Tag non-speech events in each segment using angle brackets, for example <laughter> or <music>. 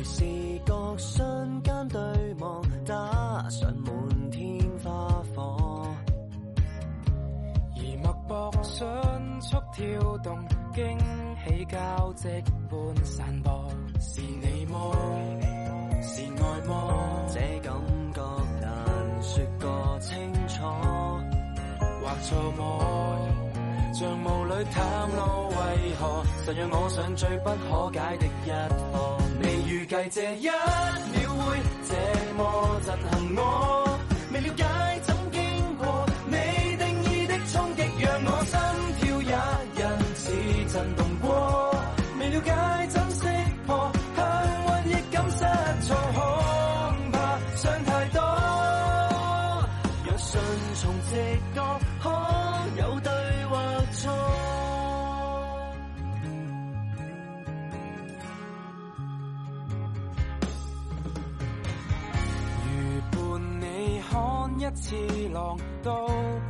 是視覺瞬間對望，打上滿天花火。而脈搏迅速跳動，驚喜交織般散播。是你麼？是愛麼？這感覺難說個清楚。或錯麼？像霧裏探路，為何？實讓我上最不可解的一課。計這一秒會這麼震撼，我未了解怎經過未定義的衝擊，讓我心跳也因此震動過，未了解。次浪都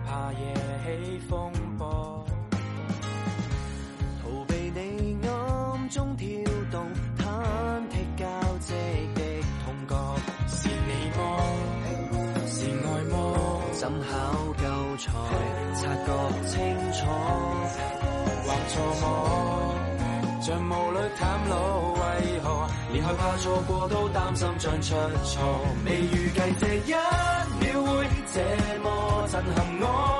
怕夜起風波，逃避你暗中跳動，忐忑交織的痛覺，是你麼？是愛麼？怎考夠才察覺，覺清楚？或錯麼？像霧裏探路。連害怕錯過都擔心，將出錯，未預計這一秒會這麼震撼我。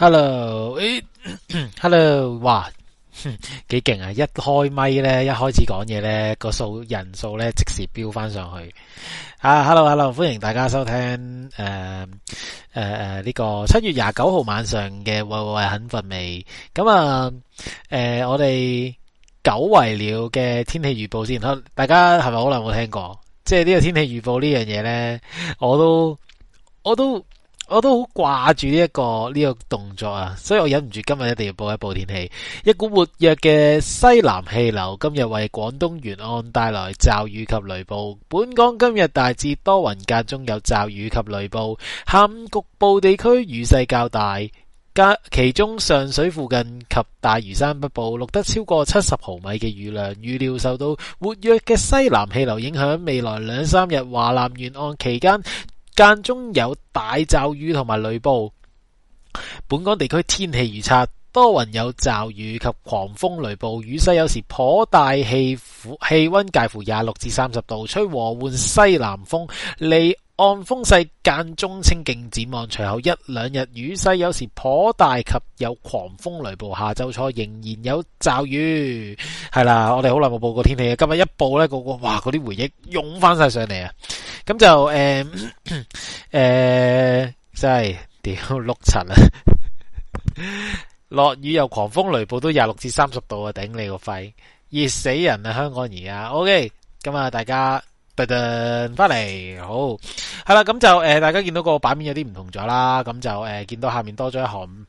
Hello，誒，Hello，哇，幾勁啊！一開咪咧，一開始講嘢咧，個數人數咧即時飆翻上去。啊，Hello，Hello，Hello，歡迎大家收聽誒誒誒呢個七月廿九號晚上嘅喂喂喂肯瞓未。咁啊，誒、呃，我哋久違了嘅天氣預報先，大家係咪好耐冇聽過？即係呢個天氣預報呢樣嘢咧，我都我都。我都好掛住呢一個呢個動作啊，所以我忍唔住今日一定要報一報天氣。一股活躍嘅西南氣流今日為廣東沿岸帶來驟雨及雷暴。本港今日大致多雲間中有驟雨及雷暴，下午局部地區雨勢較大，加其中上水附近及大嶼山北部錄得超過七十毫米嘅雨量。預料受到活躍嘅西南氣流影響，未來兩三日華南沿岸期間。間中有大驟雨同埋雷暴，本港地區天氣預測多雲有驟雨及狂風雷暴，雨勢有時頗大氣，氣乎氣溫介乎廿六至三十度，吹和緩西南風。利按風勢間中清勁，展望，隨後一兩日雨勢有時頗大及有狂風雷暴，下週初仍然有驟雨。係啦，我哋好耐冇報過天氣嘅，今日一報呢，個個哇，嗰啲回憶湧翻晒上嚟啊！咁就誒誒、呃呃，真係屌碌柒啊！落 <laughs> 雨又狂風雷暴，都廿六至三十度啊！頂你個肺，熱死人啊！香港而家，OK，咁啊，大家。突然翻嚟，好係啦，咁就誒、呃，大家見到個版面有啲唔同咗啦，咁就誒、呃，見到下面多咗一行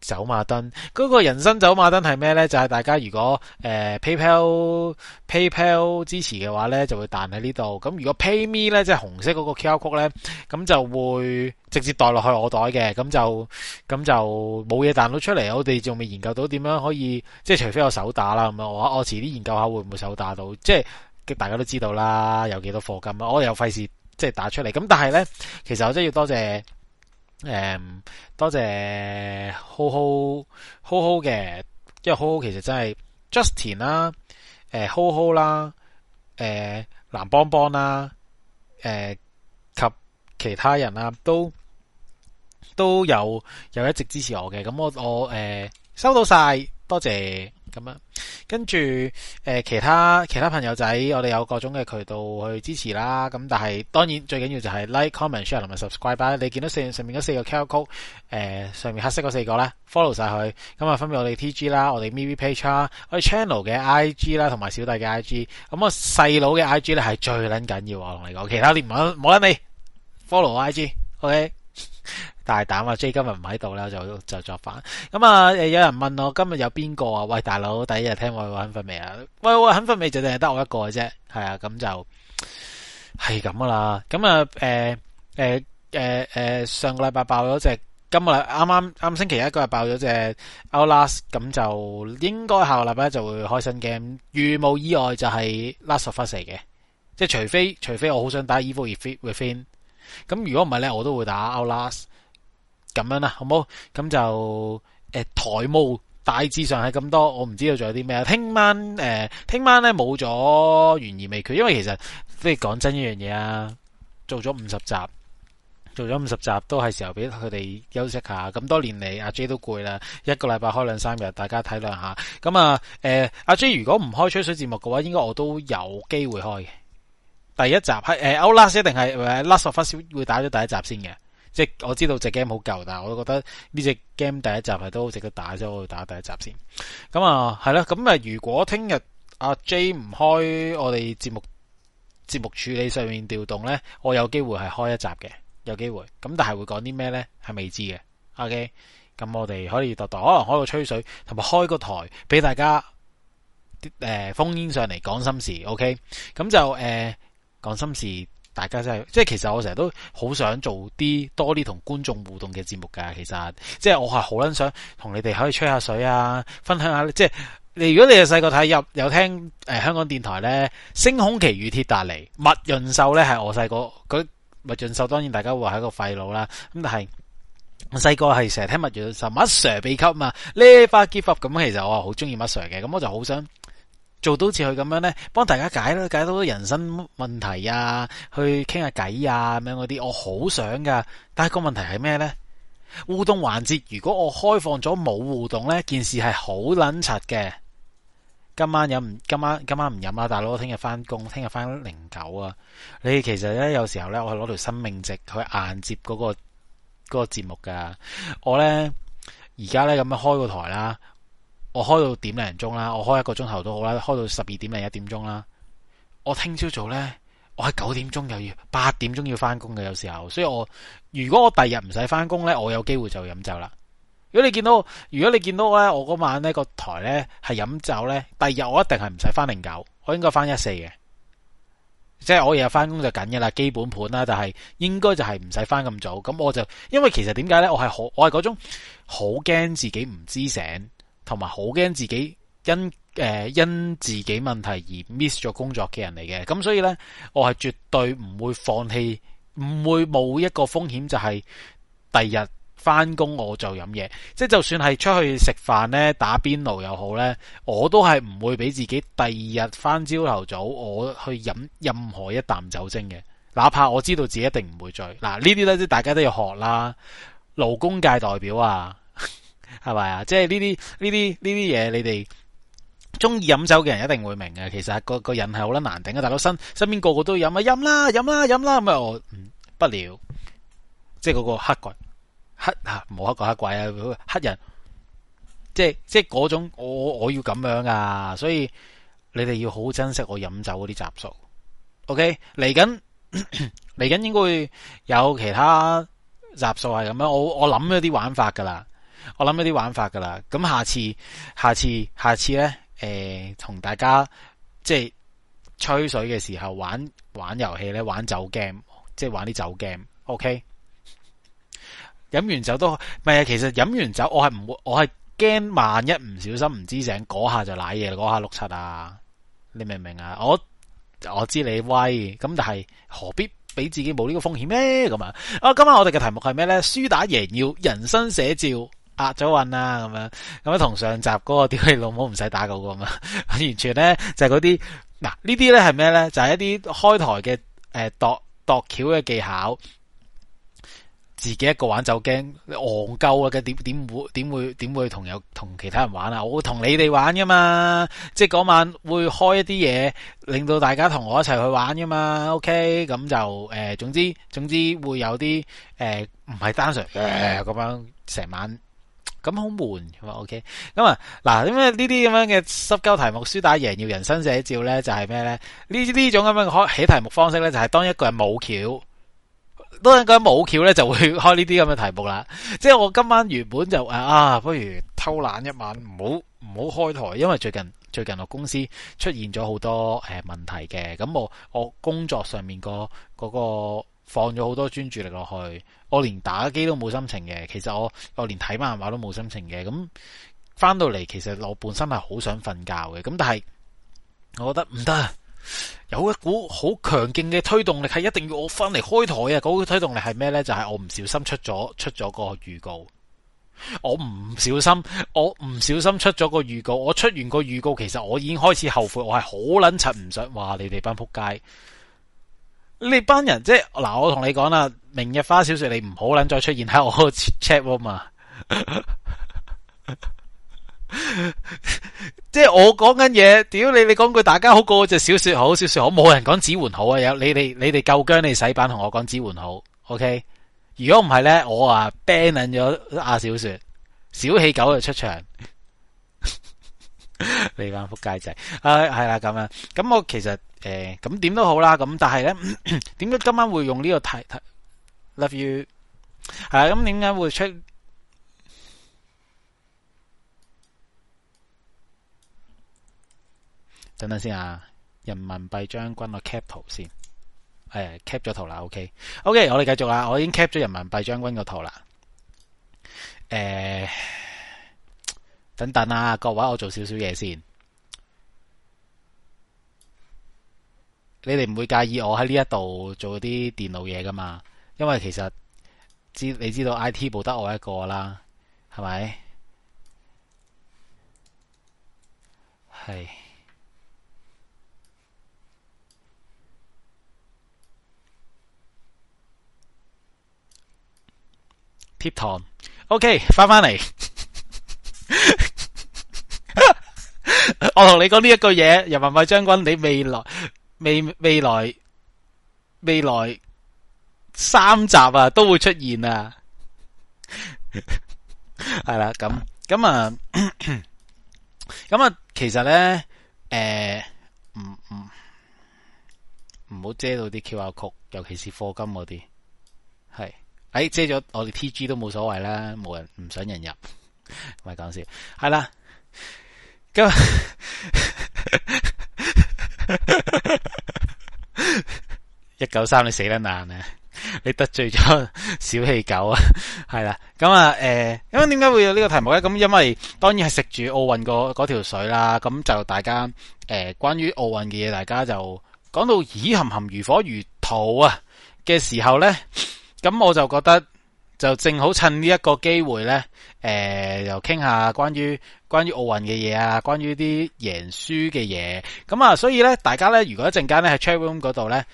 走馬燈。嗰、嗰個人生走馬燈係咩呢？就係、是、大家如果誒、呃、PayPal、PayPal 支持嘅話呢，就會彈喺呢度。咁如果 PayMe 呢，即、就、係、是、紅色嗰個 QR code 呢，咁就會直接代落去我袋嘅。咁就咁就冇嘢彈到出嚟。我哋仲未研究到點樣可以，即、就、係、是、除非我手打啦。咁我我遲啲研究下會唔會手打到，即係。大家都知道啦，有幾多課金啊！我又費事即係打出嚟。咁但係咧，其實我真係要多謝誒、嗯，多謝 Hoho，Hoho 嘅 Hoho，因為 Hoho 其實真係 Justin 啦、啊、Hoho 啦、誒藍邦邦啦、誒、呃啊呃、及其他人啦、啊，都都有有一直支持我嘅。咁我我誒、呃、收到曬，多謝咁樣！跟住、呃、其他其他朋友仔，我哋有各種嘅渠道去支持啦。咁但係當然最緊要就係 like、comment、share 同埋 subscribe 啦。你見到上上面嗰四個 QR code、呃、上面黑色嗰四個咧，follow 曬佢咁啊。分別我哋 T G 啦，我哋 MeWe page 啦我哋 Channel 嘅 I G 啦，同埋小弟嘅 I G。咁我細佬嘅 I G 咧，係最撚緊要，我同你講，其他你唔好冇撚你 follow 我 I G，OK、okay？ <laughs> 大膽啊！J 今日唔喺度啦，就就作反。咁啊，誒，有人問我今日有邊個啊？喂，大佬，第一日聽我肯瞓未啊？喂喂，肯瞓未就淨係得我一個嘅啫，係啊，咁就係咁噶啦咁啊，誒、呃，誒、呃，誒、呃，誒、呃呃，上個禮拜爆咗隻，今日啱啱啱星期一嗰日爆咗隻 Outlast，咁就應該下個禮拜就會開新 game，預冇意外就係 Last of Us 嚟嘅，即係除非除非我好想打 Evil Within。咁如果唔係呢，我都會打 outlast 咁樣啦，好唔好？咁就誒、欸、台務大致上係咁多，我唔知道仲有啲咩聽聽晚誒，聽、欸、晚冇咗懸而未決，因為其實即係講真一樣嘢啊，做咗五十集，做咗五十集都係時候俾佢哋休息下。咁多年嚟，阿 J 都攰啦，一個禮拜開兩三日，大家體諒下。咁啊，誒、欸，阿 J 如果唔開吹水節目嘅話，應該我都有機會開嘅。第一集係誒歐拉斯，一定係誒拉斯夫先會打咗第一集先嘅，即係我知道隻 game 好舊，但係我都覺得呢隻 game 第一集係都值得打，所以我會打第一集先。咁啊係啦，咁啊，如果聽日阿 J 唔開我哋節目，節目處理上面調動呢，我有機會係開一集嘅，有機會。咁但係會講啲咩呢？係未知嘅。O K，咁我哋可以度度可能開個吹水，同埋開個台俾大家啲誒烽煙上嚟講心事。O K，咁就誒。呃放心事，大家真係即係，其實我成日都好想做啲多啲同觀眾互動嘅節目噶。其實即係我係好撚想同你哋可以吹下水啊，分享下。即係你如果你係細個睇入有聽誒香港電台呢《星空奇遇鐵達尼》，麥潤壽呢係我細個，佢麥潤壽當然大家會話係一個廢佬啦。咁但係我細個係成日聽麥潤壽，麥 Sir 秘笈嘛，Never give up 咁。其實我係好中意麥 Sir 嘅，咁我就好想。做到似佢咁樣呢，幫大家解啦，解到人生問題啊，去傾下偈啊，咁樣嗰啲，我好想噶。但係個問題係咩呢？互動環節如果我開放咗冇互動呢件事係好捻柒嘅。今晚飲，今晚今晚唔飲啊！大佬，聽日翻工，聽日翻零九啊。你其實呢，有時候呢，我係攞條生命值去硬接嗰、嗰個節、嗰個節目噶。我呢，而家呢，咁樣開個台啦。我開到點零鐘啦，我開一個鐘頭都好啦，開到十二點零一點鐘啦。我聽朝早呢，我喺九點鐘又要八點鐘要翻工嘅。有時候，所以我如果我第日唔使翻工呢，我有機會就飲酒啦。如果你見到，如果你見到呢，我嗰晚呢個台呢係飲酒呢，第二日我一定係唔使翻零九，我應該翻一四嘅，即係我日日翻工就緊嘅啦。基本盤啦，但係應該就係唔使翻咁早。咁我就因為其實點解呢？我係好我係嗰種好驚自己唔知醒。同埋好驚自己因誒、呃、因自己問題而 miss 咗工作嘅人嚟嘅，咁所以呢，我係絕對唔會放棄，唔會冒一個風險就係、是、第日翻工我就飲嘢，即係就算係出去食飯呢，打邊爐又好呢，我都係唔會俾自己第二日翻朝頭早上我去飲任何一啖酒精嘅，哪怕我知道自己一定唔會醉。嗱呢啲呢，即大家都要學啦，勞工界代表啊！係咪啊？即係呢啲呢啲呢啲嘢，你哋中意飲酒嘅人一定會明嘅。其實個個人係好難難頂嘅。大佬身身邊個個都飲啊，飲啦，飲啦，飲啦。咁啊，我唔不了，即係嗰個黑鬼黑吓冇黑鬼黑鬼啊，黑人即係即係嗰種我我要咁樣㗎。所以你哋要好珍惜我飲酒嗰啲習俗。O K，嚟緊嚟緊應該會有其他習俗係咁樣。我我諗咗啲玩法噶啦。我諗一啲玩法噶啦，咁下次、下次、下次呢？誒、呃，同大家即係吹水嘅時候玩玩遊戲呢玩酒 game，即係玩啲酒 game，OK、okay？飲完酒都唔係，其實飲完酒我係唔會我係驚萬一唔小心唔知醒，嗰下就瀨嘢，嗰下碌柒啊！你明唔明啊？我我知你威，咁但係何必俾自己冇呢個風險呢？咁啊！啊，今晚我哋嘅題目係咩呢？輸打贏要人生寫照。壓咗運啊咁樣咁樣同上集嗰個屌你老母唔使打到咁啊，完全咧就係嗰啲嗱呢啲咧係咩咧？就係、是就是、一啲開台嘅誒、呃，度度橋嘅技巧，自己一個玩就驚戇鳩啊！嘅點點會點會點會同有同其他人玩啊？我同你哋玩噶嘛，即係嗰晚會開一啲嘢，令到大家同我一齊去玩噶嘛。OK，咁就誒、呃，總之總之會有啲誒唔係單純咁、呃、樣成晚。咁好悶咁啊？OK，咁啊嗱，點解呢啲咁樣嘅濕鳩題目輸打贏要人生寫照呢，就係、是、咩呢呢呢種咁樣開起題目方式呢，就係、是、當一個人冇橋，當一個人冇橋呢，就會開呢啲咁嘅題目啦。即係我今晚原本就啊，不如偷懶一晚，唔好唔好開台，因為最近最近我公司出現咗好多誒、呃、問題嘅，咁我我工作上面個、那、嗰個。那個放咗好多專注力落去，我連打機都冇心情嘅，其實我我連睇漫畫都冇心情嘅。咁翻到嚟，其實我本身係好想瞓覺嘅。咁但係我覺得唔得，有一股好強勁嘅推動力，係一定要我翻嚟開台啊！嗰個推動力係咩呢？就係我唔小心出咗出咗個預告，我唔小心，我唔小心出咗個預告。我出完個預告，其實我已經開始後悔，我係好撚柒唔想話你哋班扑街。你班人即係嗱，我同你講啦，明日花小說你唔好捻再出現喺我個 chatroom 嘛。 <laughs> <laughs> 即係我講緊嘢，屌你！你講句，大家好過只小說好，小說好，冇人講指環好啊！有你哋，你哋夠姜，你,你,你洗版同我講指環好。OK，如果唔係呢，我啊 ban 咗阿小說，小氣狗就出場。 <laughs> 你班撲街仔，係係啦咁樣，咁我其實誒咁點都好啦，咁但係咧，點解今晚會用呢個 love you？係啦，咁點解會出？等等先啊！人民幣將軍個 cap 圖先，誒 cap 咗圖啦。OK，OK，okay? okay, 我哋繼續啦，我已經 cap 咗人民幣將軍個圖啦。誒、哎。等等啊，各位，我做少少嘢先。你哋唔會介意我喺呢一度做啲電腦嘢噶嘛？因為其實知你知道 IT 部得我一個啦，係咪？係。貼堂，OK，翻翻嚟。Okay, <laughs> 我同你講呢一句嘢，人民幣將軍，你未來未未來未來，未來三集啊，都會出現啊，係 <laughs> 啦，咁咁啊，咁 <coughs> 啊，其實咧，誒、呃，唔唔唔好遮到啲 Q R 曲，尤其是課金嗰啲，係，哎，遮咗我哋 T G 都冇所謂啦，冇人唔想人入，唔係講笑，係啦。咁一九三，你死得難啊！你得罪咗小氣狗啊，係 <laughs> 啦。咁啊，誒、呃，咁點解會有呢個題目呢？咁因為當然係食住奧運嗰條水啦。咁就大家誒、呃，關於奧運嘅嘢，大家就講到耳含含如火如荼啊嘅時候呢，咁我就覺得。就正好趁呢一個機會呢，誒又傾下關於關於奧運嘅嘢啊，關於啲贏輸嘅嘢。咁啊，所以呢，大家呢，如果一陣間呢喺 chat room 嗰度呢，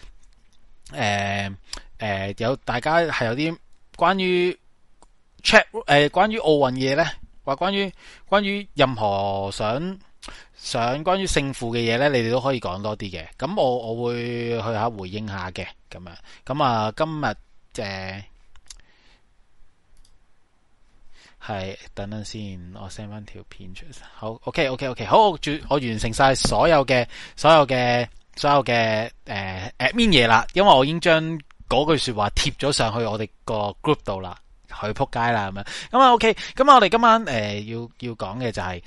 誒、呃、有、呃、大家係有啲關於 chat、呃、關於奧運嘅嘢呢，話關於關於任何想想關於勝負嘅嘢呢，你哋都可以講多啲嘅。咁我我會去下回應下嘅，咁咁啊，今日係，等等先，我 send 翻條片出。好，OK，OK，OK，、OK, OK, OK, 好，我完成晒所有嘅所有嘅所有嘅誒面嘢啦，因為我已經將嗰句說話貼咗上去我哋個 group 度啦，去以撲街啦咁樣。咁、嗯、啊 OK，咁、嗯、我哋今晚誒、呃、要要講嘅就係、是、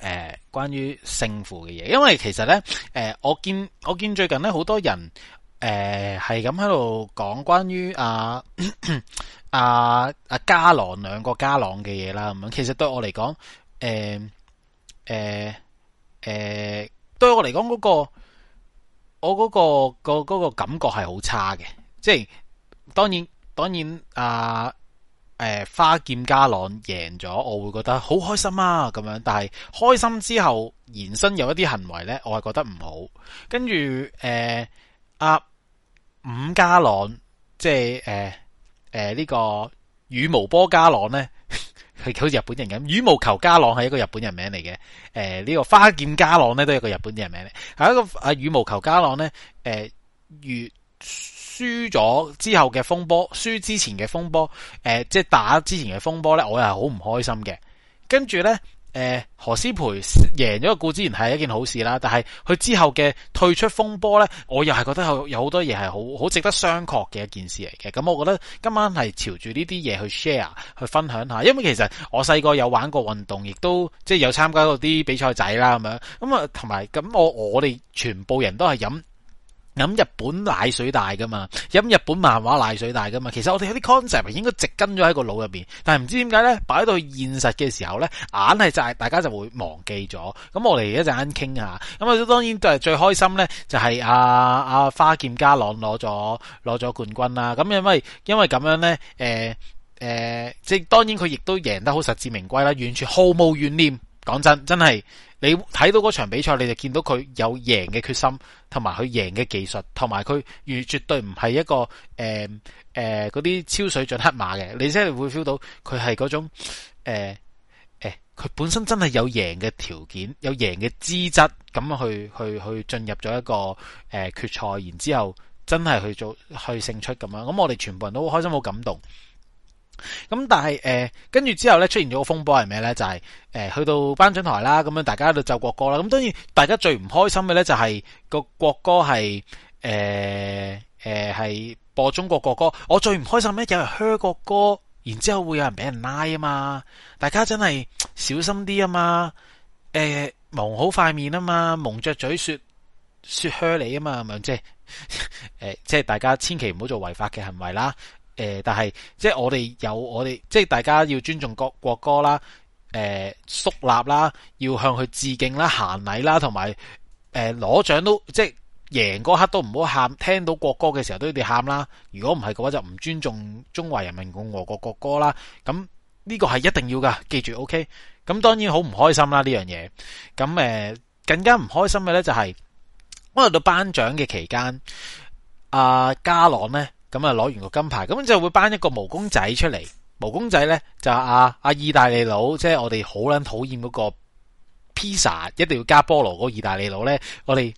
誒、呃、關於勝負嘅嘢，因為其實咧誒、呃、我見我見最近咧好多人。誒、呃，係咁喺度講關於阿阿阿加朗兩個加朗嘅嘢啦。咁樣其實對我嚟講，誒誒誒，對我嚟講嗰個我嗰、嗰個個個感覺係好差嘅。即係當然當然，阿誒、啊啊、花劍加朗贏咗，我會覺得好開心啊。咁樣，但係開心之後延伸有一啲行為呢，我係覺得唔好。跟住誒。呃阿、啊、五加朗，即係誒誒呢個羽毛波加朗呢，係好似日本人咁。羽毛球加朗係一個日本人名嚟嘅。誒、呃、呢、呢個花劍加朗呢，都係一個日本人名嚟。下一個羽毛球加朗呢，誒、呃，越輸咗之後嘅風波，輸之前嘅風波，誒、呃，即係打之前嘅風波是很不的呢，我又係好唔開心嘅。跟住呢。誒，何詩蓓贏咗個顧之然係一件好事啦，但係佢之後嘅退出風波呢，我又係覺得有有好多嘢係好好值得商榷嘅一件事嚟嘅。咁我覺得今晚係朝住呢啲嘢去 share 去分享，去分享一下，因為其實我細個有玩過運動，亦都即係有參加過啲比賽仔啦咁樣。咁啊，同埋咁我我哋全部人都係飲。飲日本奶水大噶嘛，飲日本漫畫奶水大噶嘛，其實我哋有啲 concept 應該直跟咗喺個腦入邊，但係唔知點解咧，擺到現實嘅時候咧，硬係就係大家就會忘記咗。咁我哋而家陣間傾下，咁啊當然都係最開心咧、啊，就係阿阿花劍家朗攞咗攞咗冠軍啦。咁因為因為咁樣咧，誒、呃呃、即係當然佢亦都贏得好實至名歸啦，完全毫無怨念。講真，真係你睇到嗰場比賽，你就見到佢有贏嘅決心，同埋佢贏嘅技術，同埋佢絕絕對唔係一個誒誒嗰啲超水準黑馬嘅。你真係會 feel 到佢係嗰種誒誒，佢、呃呃、本身真係有贏嘅條件，有贏嘅資質，咁去去去進入咗一個誒、呃、決賽，然之後真係去做去勝出咁樣。咁我哋全部人都好開心，好感動。咁、嗯、但係誒，跟、呃、住之後咧出現咗個風波係咩呢？就係、是、誒、呃，去到頒獎台啦，咁樣大家喺度奏國歌啦。咁當然大家最唔開心嘅呢、就是，就係個國歌係誒誒係播中國國歌。我最唔開心呢，有人嘘國歌，然之後會有人俾人拉啊嘛。大家真係小心啲啊嘛，誒、呃、蒙好塊面啊嘛，蒙着嘴說說嘘你啊嘛，咁即係即係大家千祈唔好做違法嘅行為啦。誒、呃，但係即係我哋有我哋，即係大家要尊重國國歌啦，誒、呃，肅立啦，要向佢致敬啦，行禮啦，同埋誒，攞、呃、獎都即係贏嗰刻都唔好喊，聽到國歌嘅時候都要喊啦。如果唔係嘅話就唔尊重中華人民共和國國歌啦。咁呢個係一定要噶，記住，OK。咁當然好唔開心啦呢樣嘢。咁誒、呃，更加唔開心嘅呢、就係，就係我嚟到頒獎嘅期間，阿、啊、加朗呢。咁啊！攞完個金牌咁就會頒一個毛公仔出嚟。毛公仔呢，就係啊阿意大利佬，即係我哋好捻討厭嗰個披薩，一定要加菠蘿嗰個意大利佬呢。我哋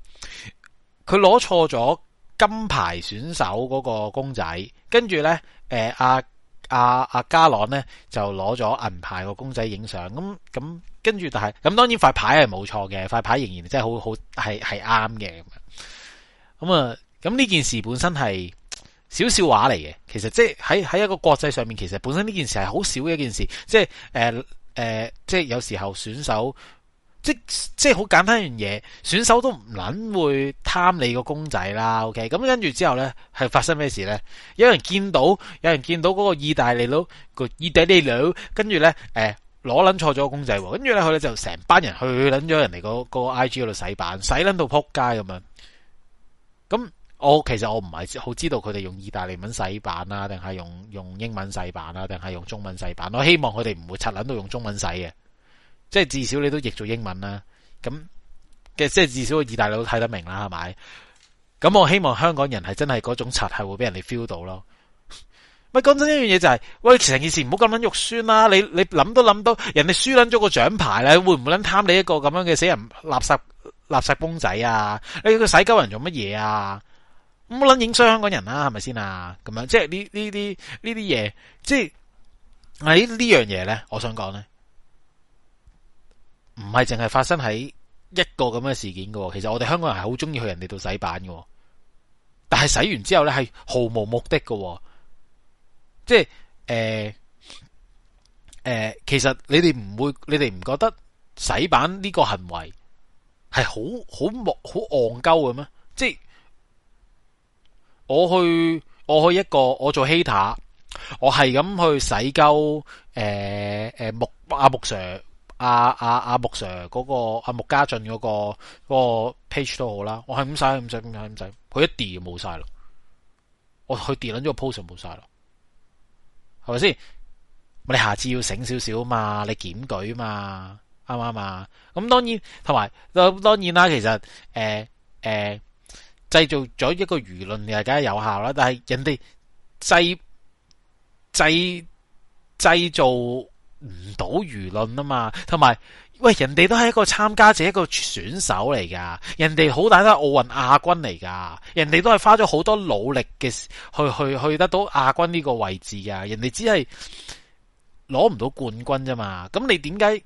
佢攞錯咗金牌選手嗰個公仔，跟住呢，誒阿阿阿加朗呢，就攞咗銀牌個公仔影相。咁咁跟住，但係咁當然塊牌係冇錯嘅，塊牌仍然真係好好係係啱嘅咁咁啊，咁呢件事本身係。小笑話嚟嘅，其實即係喺喺一個國際上面，其實本身呢件事係好少嘅一件事，即係誒誒，即係有時候選手，即即係好簡單一樣嘢，選手都唔捻會貪你個公仔啦。OK，咁跟住之後咧，係發生咩事咧？有人見到，有人見到嗰個意大利佬個意大利佬，跟住咧誒攞捻錯咗個公仔，跟住咧佢哋就成班人去捻咗人哋個 IG 嗰度洗版，洗捻到扑街咁樣，咁。我其實我唔係好知道佢哋用意大利文洗版啊，定係用用英文洗版啊，定係用中文洗版。我希望佢哋唔會刷捻到用中文洗嘅，即係至少你都譯做英文啦。咁即係至少個意大利文都睇得明啦，係咪？咁我希望香港人係真係嗰種刷係會俾人哋 feel 到咯。咪講真的一件事，就是，一樣嘢就係喂，其實成件事唔好咁捻肉酸啦，啊。你你諗都諗到，人哋輸捻咗個獎牌啦，會唔會捻貪你一個咁樣嘅死人垃圾垃圾公仔啊？你個洗鳩人做乜嘢啊？唔好撚影衰香港人啦，係咪先啊？咁樣即係呢呢啲呢啲嘢，即係喺呢樣嘢咧。我想講咧，唔係淨係發生喺一個咁嘅事件㗎喎。其實我哋香港人係好中意去人哋度洗版㗎喎。但係洗完之後咧係毫無目的㗎喎。即係誒誒，其實你哋唔會，你哋唔覺得洗版呢個行為係好好惡好戇鳩嘅咩？即係。我去我去一個我做 hater，我係咁去洗鳩誒誒木阿木 Sir 阿阿阿木 Sir 嗰個阿木家俊嗰個個 page 都好啦，我係咁洗，係咁使，咁洗，佢一跌就冇晒啦。我去跌撚咗個 post 就冇晒咯，係咪先？你下次要醒少少啊嘛，你檢舉啊嘛，啱唔啱啊？咁當然同埋，當當然啦，其實誒誒。呃呃製造咗一個輿論係梗係有效啦，但係人哋製製製造唔到輿論啊嘛，同埋喂，人哋都係一個參加者一個選手嚟噶，人哋好大都係奧運亞軍嚟噶，人哋都係花咗好多努力嘅，去去去得到亞軍呢個位置噶，人哋只係攞唔到冠軍啫嘛，咁你點解？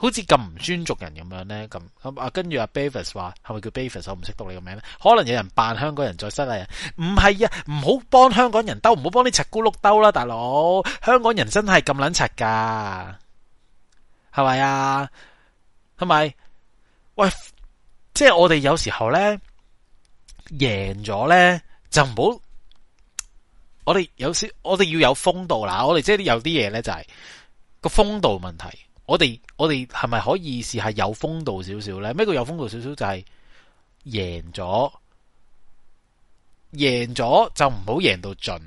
好似咁唔尊重人咁樣呢？咁咁啊，跟住阿 Beavis 話，係咪叫 Beavis？我唔識讀你個名咧，可能有人扮香港人再失禮。唔係啊，唔好幫香港人兜，唔好幫啲賊咕碌兜啦，大佬！香港人真係咁撚柒噶係咪啊？係咪？喂，即係我哋有時候呢，贏咗呢，就唔好我哋有時，我哋要有風度啦。我哋即係有啲嘢呢，就係、是、個風度問題。我哋我哋係咪可以試下有風度少少咧？咩叫有風度少少？就係、是、贏咗，贏咗就唔好贏到盡，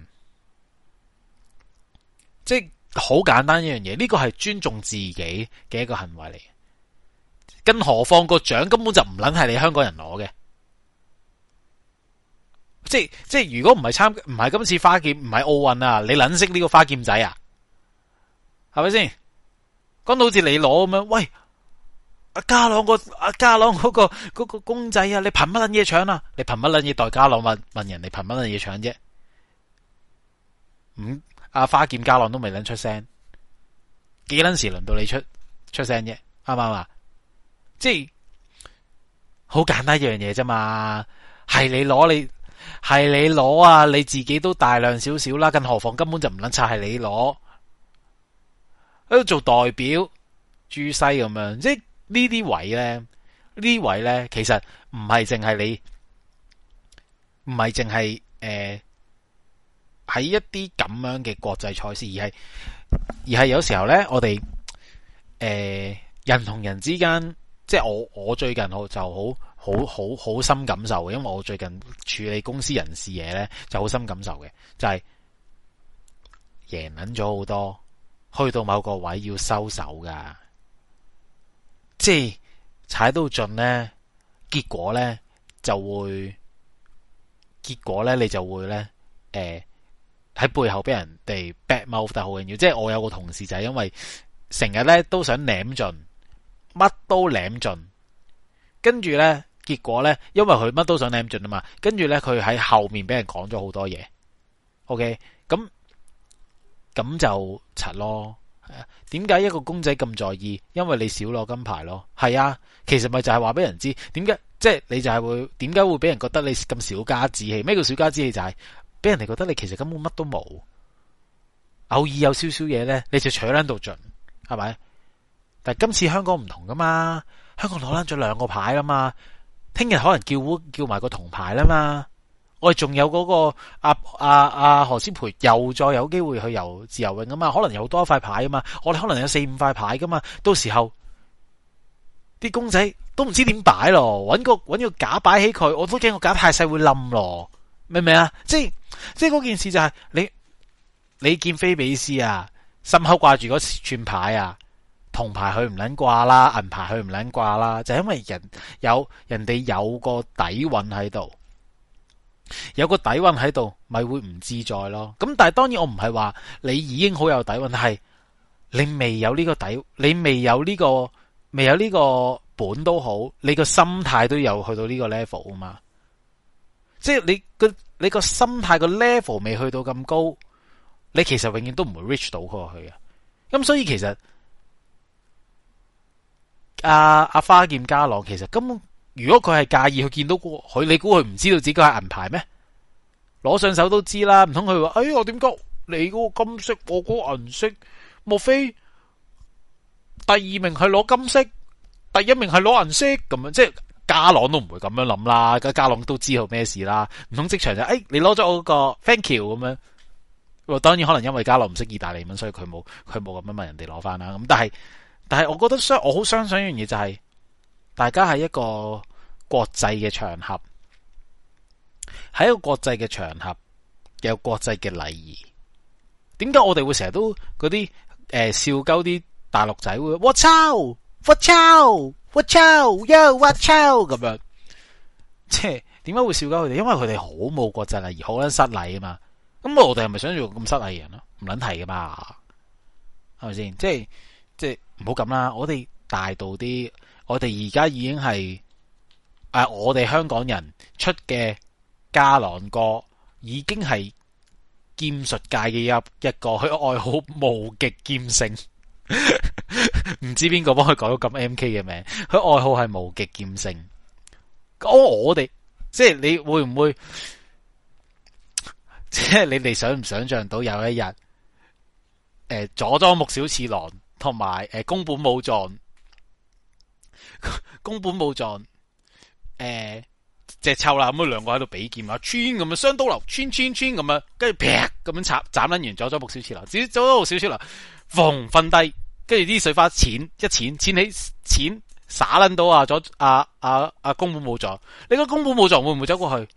即係好簡單一樣嘢。呢、這個係尊重自己嘅一個行為嚟，更何況個獎根本就唔捻係你香港人攞嘅，即係即係如果唔係參唔係今次花劍唔係奧運啊？你捻識呢個花劍仔啊？係咪先？講到好似你攞咁樣，喂，阿家朗,家朗,家朗、那個阿家朗嗰個個公仔啊，你憑乜撚嘢搶啊？你憑乜撚嘢代家朗問問人哋憑乜撚嘢搶啫？嗯？阿、啊、花劍家朗都未捻出聲，幾捻時輪到你出出聲啫？啱唔啱啊？即係好簡單一樣嘢啫嘛，係你攞你係你攞啊，你自己都大量少少啦，更何況根本就唔捻拆係你攞。喺度做代表，注西咁樣，即係呢啲位咧，呢啲位咧，其實唔係淨係你，唔係淨係誒喺一啲咁樣嘅國際賽事，而係而係有時候咧，我哋誒、呃、人同人之間，即係我我最近我就好好好好好深感受嘅，因為我最近處理公司人事嘢咧，就好深感受嘅，就係贏捻咗好多。去到某個位要收手噶，即係踩到盡呢，結果呢就會，結果呢你就會呢，誒、呃、喺背後俾人哋 back mouth，但好緊要，即係我有個同事就係、是、因為成日呢都想舐盡，乜都舐盡，跟住呢結果呢，因為佢乜都想舐盡啊嘛，跟住呢，佢喺後面俾人講咗好多嘢，OK，咁。咁就柒咯，點解一個公仔咁在意？因為你少攞金牌咯，係啊？其實咪就係話俾人知，點解即係你就係會點解會俾人覺得你咁小家子氣？咩叫小家子氣？就係俾人哋覺得你其實根本乜都冇，偶爾有少少嘢呢，你就取卵到盡，係咪？但係今次香港唔同噶嘛，香港攞攞咗兩個牌啦嘛，聽日可能叫叫埋個銅牌啦嘛。我哋仲有嗰、那個阿阿阿何詩蓓，又再有機會去游自由泳啊嘛，可能又多一塊牌啊嘛，我哋可能有四五塊牌噶嘛，到時候啲公仔都唔知點擺咯，搵個揾個架擺起佢，我都驚個架太細會冧咯，明唔明啊？即係即係嗰件事就係、是、你你見菲比斯啊，心口掛住嗰串牌啊，銅牌佢唔捻掛啦，銀牌佢唔捻掛啦，就是、因為人有人哋有個底蘊喺度。有個底蘊喺度，咪會唔自在咯？咁但係當然我唔係話你已經好有底蘊，係你未有呢個底，你未有呢、呢個未有呢個本都好，你個心態都有去到呢個 level 啊嘛。即係你個你個心態個 level 未去到咁高，你其實永遠都唔會 reach 到過去嘅。咁、嗯、所以其實阿阿、啊啊、花劍家朗其實根本。如果佢係介意佢見到佢，你估佢唔知道自己個係銀牌咩？攞上手都知啦，唔通佢話誒，我點解你嗰個金色我嗰個銀色？莫非第二名係攞金色，第一名係攞銀色咁樣？即係家朗都唔會咁樣諗啦，家家朗都知道咩事啦。唔通職場就誒，哎，你攞咗我，嗰個 thank you 咁樣？當然可能因為家朗唔識意大利文，所以佢冇佢冇咁樣問人哋攞翻啦。咁但係但係我覺得相我好相信一樣嘢，就係，是。大家係一個國際嘅場合，喺一個國際嘅場合有國際嘅禮儀。點解我哋會成日都嗰啲誒笑鳩啲大陸仔？會我操，我操，我操又我操咁樣，即係點解會笑鳩佢哋？因為佢哋好冇國際禮儀，好撚失禮啊嘛。咁我哋係咪想做咁失禮嘅人咯？唔撚提噶嘛，係咪先？即係即係唔好咁啦，我哋大度啲。我哋而家已經係誒、啊，我哋香港人出嘅家朗哥已經係劍術界嘅一一個，佢愛好無極劍聖，唔 <laughs> 知邊個幫佢改咗咁 M K 嘅名字，佢愛好係無極劍聖。講我哋，即係你會唔會，即係你哋想唔想象到有一日，誒佐佐木小次郎同埋誒宮本武藏。宮本武藏，誒、呃，隻臭啦，咁啊，兩個喺度比劍，啊，穿咁啊，雙刀流，穿穿穿咁啊，跟住劈咁樣插，斬撚完咗咗部小車流，走咗部小車流，逢瞓低，跟住啲水花淺，一淺，淺起，淺灑撚到啊，咗啊啊阿宮、啊、本武藏，你個宮本武藏會唔會走過去？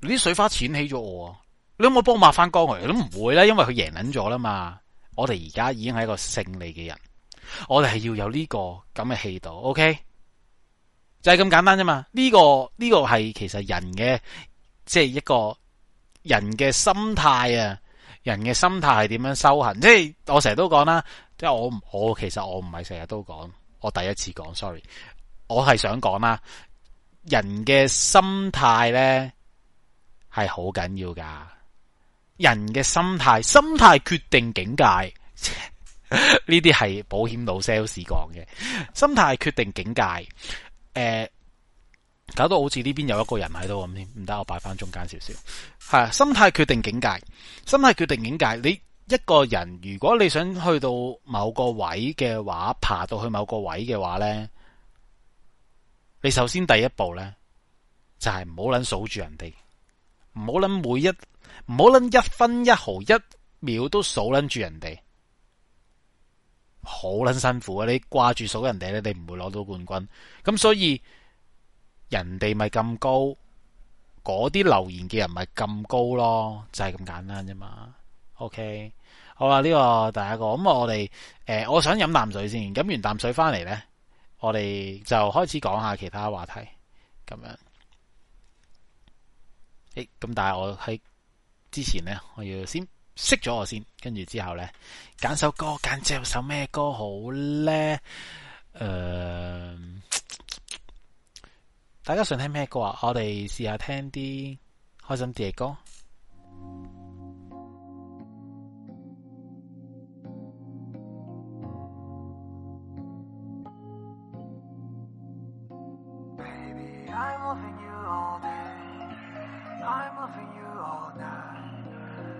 你啲水花淺起咗我、啊，你可唔可幫我抹翻光佢？你都唔會啦，因為佢贏撚咗啦嘛，我哋而家已經係一個勝利嘅人。我哋係要有呢個咁嘅氣度，OK？就係咁簡單啫嘛。呢個呢個係其實人嘅，即係一個人嘅心態啊，人嘅心態係點樣修行？即係我成日都講啦，即係我我其實我唔係成日都講，我第一次講，sorry。我係想講啦，人嘅心態呢，係好緊要噶，人嘅心態，心態決定境界。呢啲係保險老 sales 講嘅，心態決定境界。誒、欸，搞到好似呢邊有一個人喺度咁添，唔得，我擺翻中間少少。係心態決定境界，心態決定境界。你一個人如果你想去到某個位嘅話，爬到去某個位嘅話呢，你首先第一步呢，就係唔好諗數住人哋，唔好諗每一，唔好諗一分一毫一秒都數捻住人哋。好捻辛苦啊！你掛住數人哋咧，你唔會攞到冠軍。咁所以人哋咪咁高，嗰啲留言嘅人咪咁高咯，就係咁簡單啫嘛。OK，好啦，呢個第一個咁我哋誒，我想飲啖水先，飲完啖水翻嚟咧，我哋就開始講下其他話題咁樣。誒，咁但係我喺之前咧，我要先。識咗我先，跟住之後咧，揀首歌，揀隻首咩歌好咧？誒、呃，大家想聽咩歌啊？我哋試下聽啲開心啲嘅歌。Baby,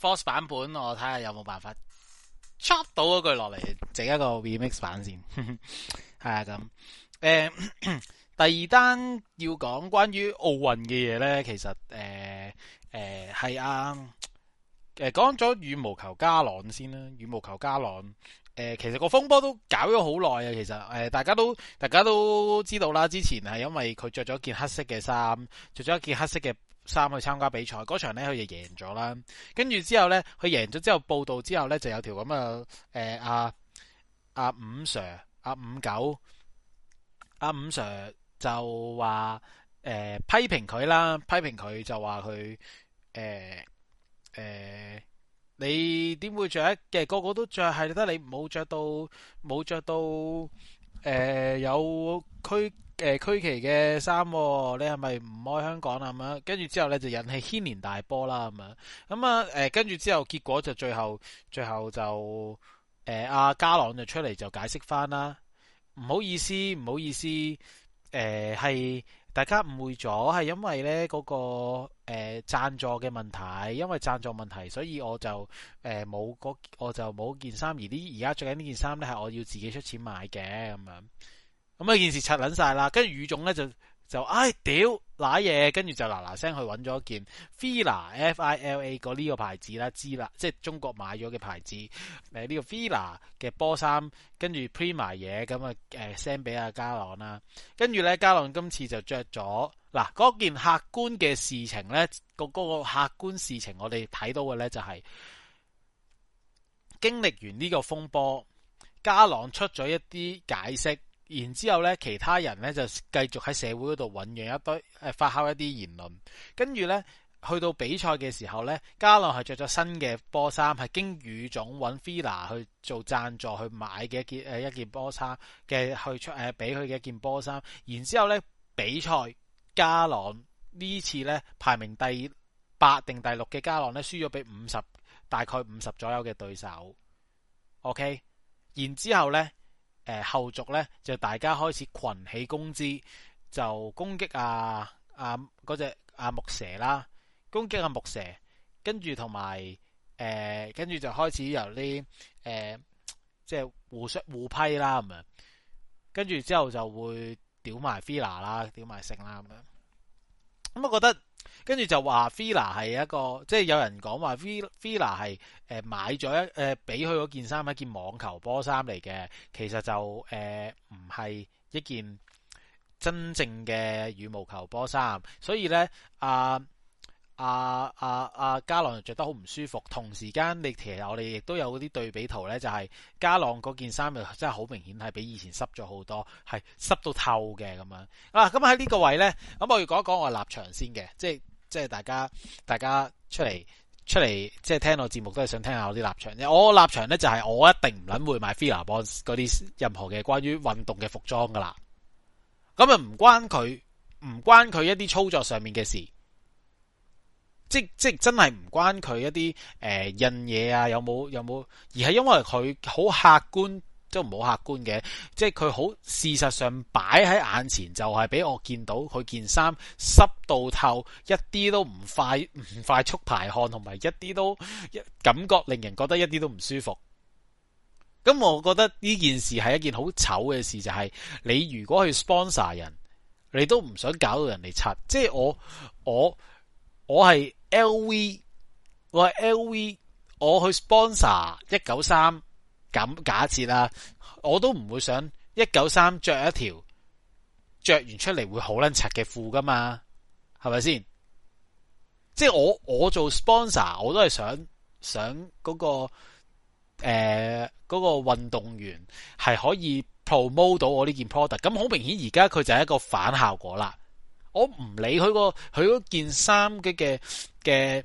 Force 版本，我睇下有冇辦法 chop 到嗰句落嚟，整一個 remix 版先。係啊，咁誒、呃，第二單要講關於奧運嘅嘢咧，其實誒誒係啊，誒講咗羽毛球加朗先啦，羽毛球加朗，誒、呃、其實個風波都搞咗好耐啊，其實誒、呃，大家都大家都知道啦，之前係因為佢着咗一件黑色嘅衫，着咗一件黑色嘅。三去參加比賽，嗰場呢佢就贏咗啦。跟住之後呢，佢贏咗之後報道之後呢，就有條咁、呃、啊誒阿阿五 Sir 阿五九阿五 Sir 就話誒、呃、批評佢啦，批評佢就話佢誒誒你點會着？其實個個都着，係得，你冇着到冇着到誒、呃、有區。誒、呃，區旗嘅衫、哦，你係咪唔愛香港啦咁樣？跟住之後咧就引起牽連大波啦咁樣。咁啊，誒、嗯呃，跟住之後結果就最後，最後就誒，阿、呃、嘉、啊、朗就出嚟就解釋翻啦。唔好意思，唔好意思，誒、呃，係大家誤會咗，係因為咧嗰、那個誒贊、呃、助嘅問題，因為贊助問題，所以我就誒冇、呃、我就冇件衫，而呢而家着緊呢件衫咧係我要自己出錢買嘅咁樣。咁啊！件事拆捻晒啦，跟住羽總咧就就唉、哎、屌賴嘢，跟住就嗱嗱聲去揾咗件 FILA, FILA f i l a 嗰呢個牌子啦，知啦，即係中國買咗嘅牌子誒、這個呃、呢個 FILA 嘅波衫，跟住 print 埋嘢咁啊誒 send 俾阿嘉朗啦，跟住咧嘉朗今次就著咗嗱嗰件客觀嘅事情呢，個、那、嗰個客觀事情我哋睇到嘅呢就係、是、經歷完呢個風波，嘉朗出咗一啲解釋。然之後咧，其他人咧就繼續喺社會度醖釀一堆，誒發酵一啲言論。跟住咧，去到比賽嘅時候咧，家朗係着咗新嘅波衫，係經羽總揾 Fila 去做贊助去買嘅一件誒一件波衫嘅去出誒俾佢嘅一件波衫。然之後咧，比賽家朗呢次咧排名第八定第六嘅家朗咧，輸咗俾五十大概五十左右嘅對手。OK，然之後咧。誒、呃，後續咧就大家開始群起攻之，就攻擊啊啊隻啊木蛇啦，攻擊啊木蛇，跟住同埋誒，跟住就開始有啲誒即係互相互批啦咁樣，跟住之後就會屌埋菲娜啦，屌埋成啦咁樣。咁我覺得，跟住就話 Fila 係一個，即係有人講話 Fila 係誒買咗一誒俾佢嗰件衫，一件網球波衫嚟嘅，其實就誒唔係一件真正嘅羽毛球波衫，所以呢。啊。啊啊啊！嘉朗著得好唔舒服，同時間你其實我哋亦都有嗰啲對比圖咧，就係嘉朗嗰件衫又真係好明顯係比以前濕咗好多，係濕到透嘅咁樣。啊，咁喺呢個位咧，咁我要講一講我立場先嘅，即係即係大家大家出嚟出嚟即係聽我節目都係想聽下我啲立場。我立場咧就係我一定唔撚會買 fila 嗰啲任何嘅關於運動嘅服裝噶啦。咁又唔關佢唔關佢一啲操作上面嘅事。即即真係唔關佢一啲誒、呃、印嘢啊，有冇有冇？而係因為佢好客觀，即係唔好客觀嘅。即係佢好事實上擺喺眼前，就係俾我見到佢件衫濕到透，一啲都唔快唔快速排汗，同埋一啲都一感覺令人覺得一啲都唔舒服。咁我覺得呢件事係一件好醜嘅事，就係、是、你如果去 sponsor 人，你都唔想搞到人哋柒。即係我我我係。L V，我係 L V，我去 sponsor 一九三咁假設啦，我都唔會想一九三着一條着完出嚟會好卵柒嘅褲噶嘛，係咪先？即係我我做 sponsor，我都係想想嗰個誒嗰個運動員係可以 promote 到我呢件 product，咁好明顯而家佢就係一個反效果啦。我唔理佢個佢嗰件衫嘅嘅嘅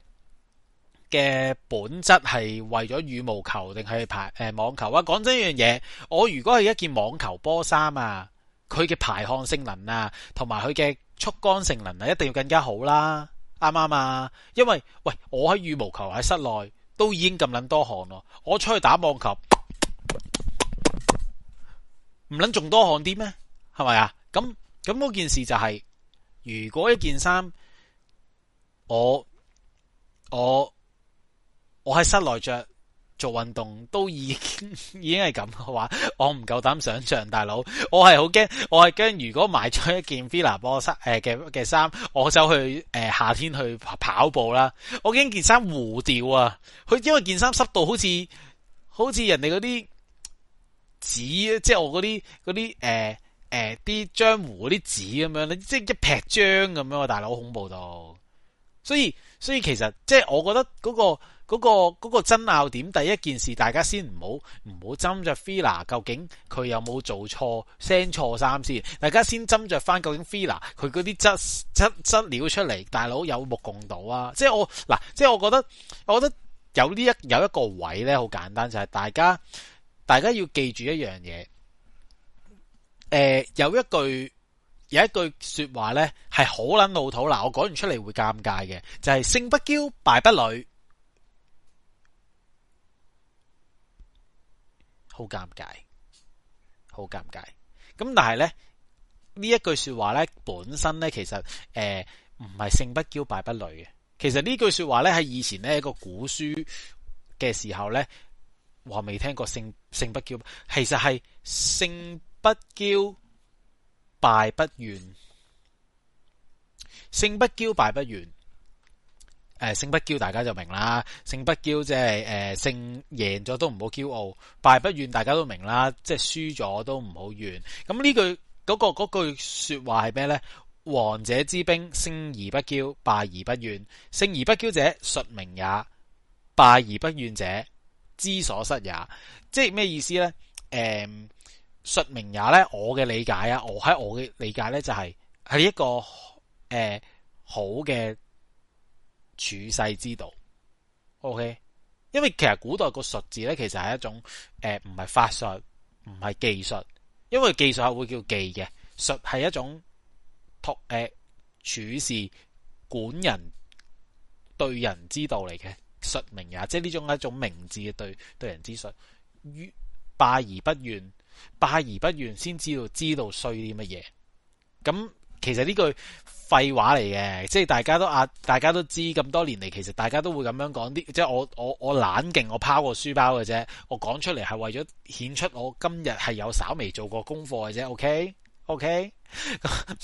嘅本質係為咗羽毛球定係排誒、呃、網球啊。講真，一樣嘢，我如果係一件網球波衫啊，佢嘅排汗性能啊，同埋佢嘅速乾性能啊，一定要更加好啦，啊，啱唔啱啊？因為喂，我喺羽毛球喺室內都已經咁捻多汗咯，我出去打網球唔捻仲多汗啲咩？係咪啊？咁咁嗰件事就係，是。如果一件衫，我我我喺室內着做運動都已經 <laughs> 已經係咁嘅話，我唔夠膽想象，大佬，我係好驚，我係驚如果買咗一件 Vila 波衫誒嘅嘅衫，我就去誒、呃、夏天去跑步啦，我驚件衫糊掉啊！佢因為件衫濕到好似好似人哋嗰啲紙啊，即係我嗰啲嗰啲誒。誒、欸，啲漿糊啲紙咁樣咧，即係一劈張咁樣，大佬恐怖到，所以所以其實即係我覺得嗰、那個嗰、那個嗰、那個爭拗點，第一件事大家先唔好唔好斟酌 Fila 究竟佢有冇做錯聲錯衫先，大家先斟酌翻究竟 Fila 佢嗰啲質質質料出嚟，大佬有目共睹啊！即係我嗱，即係我覺得我覺得有呢一有一個位咧，好簡單就係、是、大家大家要記住一樣嘢。誒、呃，有一句有一句說話呢係好捻老土。嗱，我講完出嚟會尷尬嘅，就係、是、勝不驕敗不餒，好尷尬，好尷尬。咁但係呢，呢一句說話呢本身呢，其實誒唔係勝不驕敗不餒嘅。其實呢句說話呢，係以前呢一個古書嘅時候呢，話未聽過勝勝不驕，其實係勝。不驕敗不怨，勝不驕敗不怨。誒、呃，勝不驕大家就明啦，勝不驕即係呃、勝贏不驕即係誒勝贏咗都唔好驕傲，敗不怨大家都明啦，即係輸咗都唔好怨。咁、嗰個、呢句嗰個嗰句說話係咩呢？「王者之兵，勝而不驕，敗而不怨。勝而不驕者，術明也；敗而不怨者，知所失也。即係咩意思呢？誒、嗯。術名也咧，我嘅理解啊，我喺我嘅理解咧就係、是、係一個誒、呃、好嘅處世之道。O、okay? K，因為其實古代個術字咧，其實係一種誒唔係法術，唔係技術，因為技術係會叫技嘅術係一種托誒處事管人對人之道嚟嘅。術名也即係呢種一種明智嘅對對人之術，欲敗而不怨。拜而不願先知道知道衰啲乜嘢？咁其實呢句廢話嚟嘅，即係大家都啊大家都知咁多年嚟，其實大家都會咁樣講啲，即係我我我懶叻我拋過書包嘅啫，我講出嚟係為咗顯出我今日係有稍微做過功課嘅啫。OK OK，咁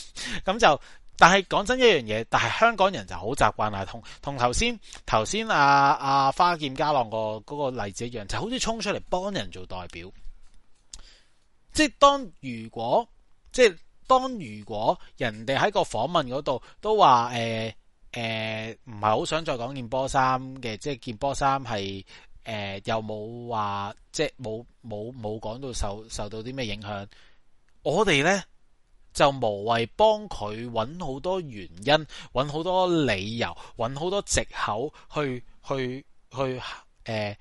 <laughs> 咁就，但係講真一樣嘢，但係香港人就好習慣啦，同同頭先頭先阿阿花劍家朗個嗰個例子一樣，就好似衝出嚟幫人做代表。即係當如果，即係當如果人哋喺個訪問嗰度都話誒誒唔係好想再講件波衫嘅，即係件波衫係誒又冇話即係冇冇冇講到受受到啲咩影響，我哋咧，就無謂幫佢揾好多原因，揾好多理由，揾好多藉口，去去去誒、呃、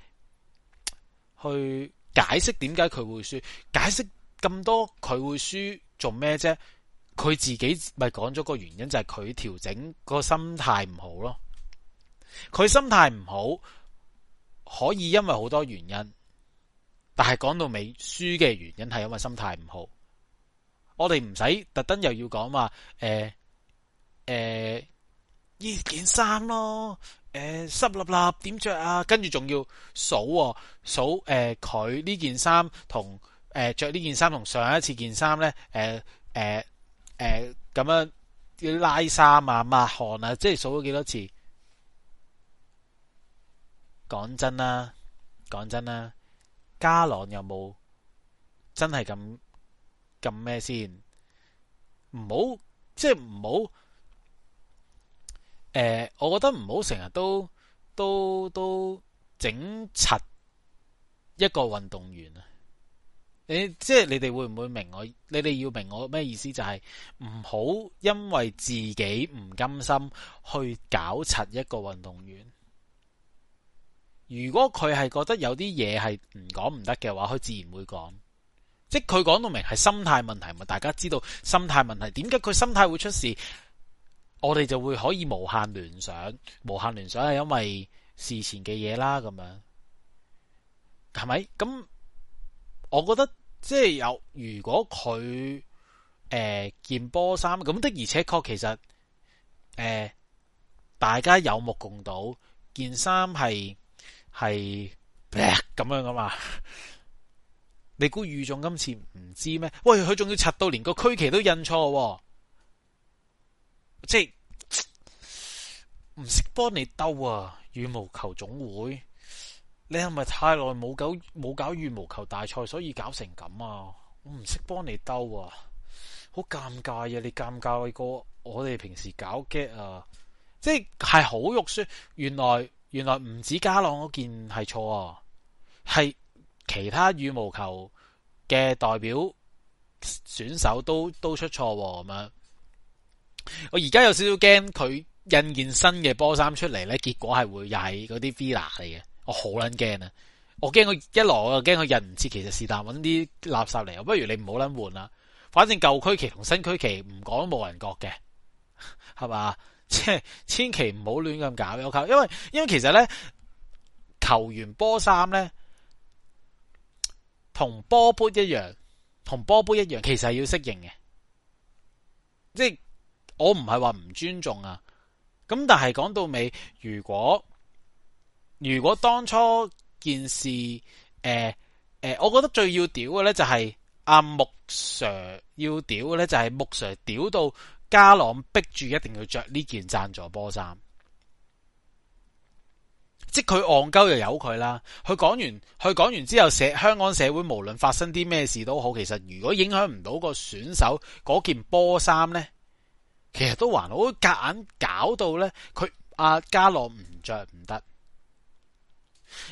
去解釋點解佢會輸，解釋。咁多佢會輸做咩啫？佢自己咪講咗個原因就係佢調整個心態唔好咯。佢心態唔好，可以因為好多原因，但係講到尾輸嘅原因係因為心態唔好。我哋唔使特登又要講話誒誒呢件衫咯，誒、呃，濕立立點着啊？跟住仲要數數誒佢呢件衫同。誒着呢件衫同上一次件衫咧，誒誒咁樣要拉衫啊、抹汗啊，即係數咗幾多次。講真啦、啊，講真啦、啊，家朗有冇真係咁咁咩先？唔好即係唔好誒、呃，我覺得唔好成日都都都整齊一個運動員啊！你即係你哋會唔會明我？你哋要明我咩意思、就係？就係唔好因為自己唔甘心去搞柒一個運動員。如果佢係覺得有啲嘢係唔講唔得嘅話，佢自然會講。即係佢講到明係心態問題嘛，大家知道心態問題點解佢心態會出事？我哋就會可以無限聯想，無限聯想係因為事前嘅嘢啦，咁樣係咪？咁我覺得。即係有，如果佢誒、呃、件波衫咁的，而且確其實誒、呃，大家有目共睹，件衫係係 black 咁樣噶嘛？ <laughs> 你估羽總今次唔知咩？喂，佢仲要拆到連個區旗都印錯，即係唔識幫你兜啊！羽毛球總會。你係咪太耐冇搞冇搞羽毛球大賽，所以搞成咁啊？我唔識幫你兜啊，好尷尬呀、啊！你尷尬哥，我哋平時搞 get 啊，即係好肉酸。原來原來唔止家朗嗰件係錯啊，係其他羽毛球嘅代表選手都都出錯咁、啊、樣。我而家有少少驚佢印件新嘅波衫出嚟呢，結果係會曳嗰啲 Villa 嚟嘅。我好撚驚啊！我驚佢一來，我驚驚佢人唔切，其實是但搵啲垃圾嚟。不如你唔好撚換啦，反正舊區旗同新區旗唔講都冇人覺嘅，係嘛？即 <laughs> 係千祈唔好亂咁搞我靠，因為因為其實咧球員波衫咧同波杯一樣，同波杯一樣，其實係要適應嘅。即係我唔係話唔尊重啊，咁但係講到尾，如果如果當初件事，誒、呃、誒、呃，我覺得最要屌嘅呢就係阿木 Sir 要屌嘅呢就係木 Sir 屌到家朗逼住一定要着呢件讚助波衫，即佢戇鳩又由佢啦。佢講完，佢講完之後，社香港社會無論發生啲咩事都好，其實如果影響唔到個選手嗰件波衫呢其實都還好。夾硬搞到呢。佢阿家朗唔着唔得。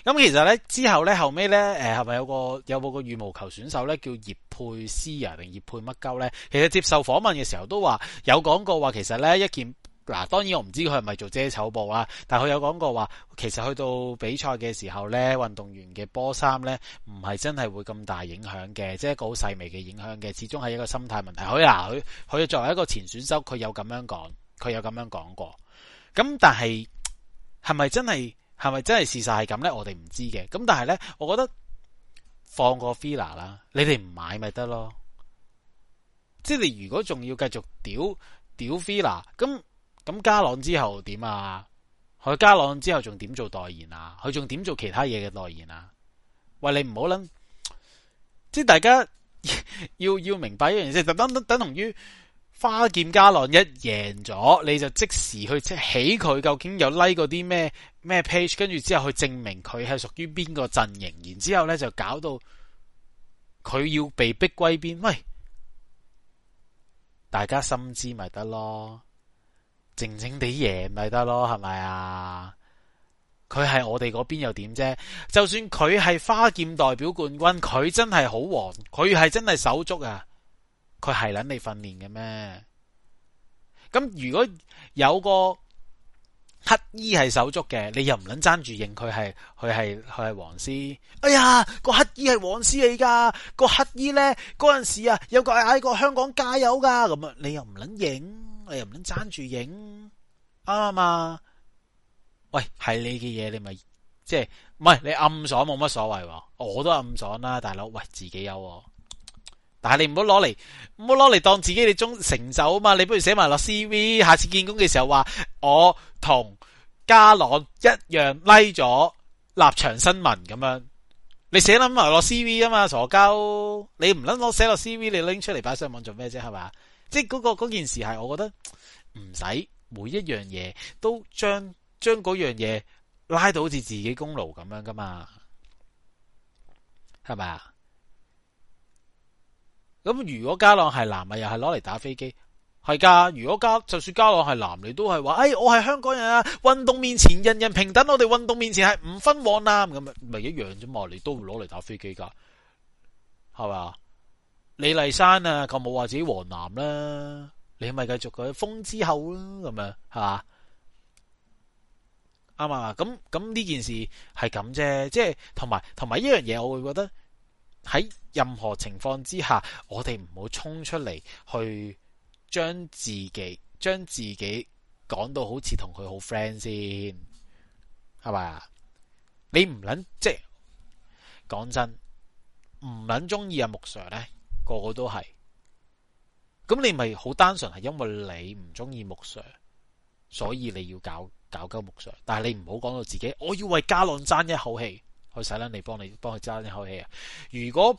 咁其實咧之後咧後尾咧誒，係咪有個有冇個羽毛球選手咧叫葉佩斯啊定葉佩乜鳩咧？其實接受訪問嘅時候都話有講過話其實咧一件嗱，當然我唔知佢係咪做遮醜布呀，但係佢有講過話其實去到比賽嘅時候咧運動員嘅波衫咧唔係真係會咁大影響嘅，即係一個好細微嘅影響嘅，始終係一個心態問題。佢啊，佢佢作為一個前選手，佢有咁樣講，佢有咁樣講過。咁但係係咪真係？係咪真係事實係咁呢？我哋唔知嘅。咁但係呢，我覺得放過菲娜啦，你哋唔買咪得咯。即係你如果仲要繼續屌屌菲娜，咁咁加朗之後點啊？佢加朗之後仲點做代言啊？佢仲點做其他嘢嘅代言啊？喂，你唔好諗，即係大家要要明白一樣嘢，就等等等同於。花劍家朗一贏咗，你就即時去即起佢，究竟有 like 過啲咩咩 page，跟住之後去證明佢係屬於邊個陣營，然之後呢就搞到佢要被逼歸邊？喂，大家心知咪得咯，靜靜地贏咪得咯，係咪啊？佢係我哋嗰邊又點啫？就算佢係花劍代表冠軍，佢真係好黃，佢係真係手足啊！佢係撚你訓練嘅咩？咁如果有個乞衣係手足嘅，你又唔撚爭住認佢係佢係佢係黃絲？哎呀，個乞衣係黃絲嚟噶，個乞衣咧嗰陣時啊，有個嗌個香港加油噶，咁啊，你又唔撚認，你又唔撚爭住認，啱啊嘛？喂，係你嘅嘢，你咪即係唔係？你暗爽冇乜所謂，我都暗爽啦，大佬，喂，自己有。但係你唔好攞嚟，唔好攞嚟當自己你中成就啊嘛！你不如寫埋落 C V，下次見工嘅時候話我同嘉朗一樣拉、like、咗立場新聞咁樣，你寫諗埋落 C V 啊嘛，傻鳩！你唔諗攞寫落 C V，你拎出嚟擺上網做咩啫？係嘛？即係嗰個嗰件事係，我覺得唔使每一樣嘢都將將嗰樣嘢拉到好似自己功勞咁樣噶嘛，係咪啊？咁如果家朗係藍咪又係攞嚟打飛機，係噶。如果家就算家朗係藍，你都係話，誒、哎，我係香港人啊，運動面前人人平等。我哋運動面前係唔分黃藍咁啊，咪一樣啫嘛，你都會攞嚟打飛機噶，係咪啊？李麗珊啊，佢冇話自己黃藍啦，你咪繼續佢風之後啦，咁樣，係嘛？啱啊，咁咁呢件事係咁啫，即係同埋同埋一樣嘢，我會覺得。喺任何情況之下，我哋唔好衝出嚟，去將自己將自己講到好似同佢好 friend 先，係咪？你唔捻即係講真，唔捻中意阿木 Sir 咧，個個都係。咁你咪好單純係因為你唔中意木 Sir，所以你要搞搞鳩木 Sir。但係你唔好講到自己，我要為嘉朗爭一口氣。去使卵嚟幫你幫佢爭一口氣啊！如果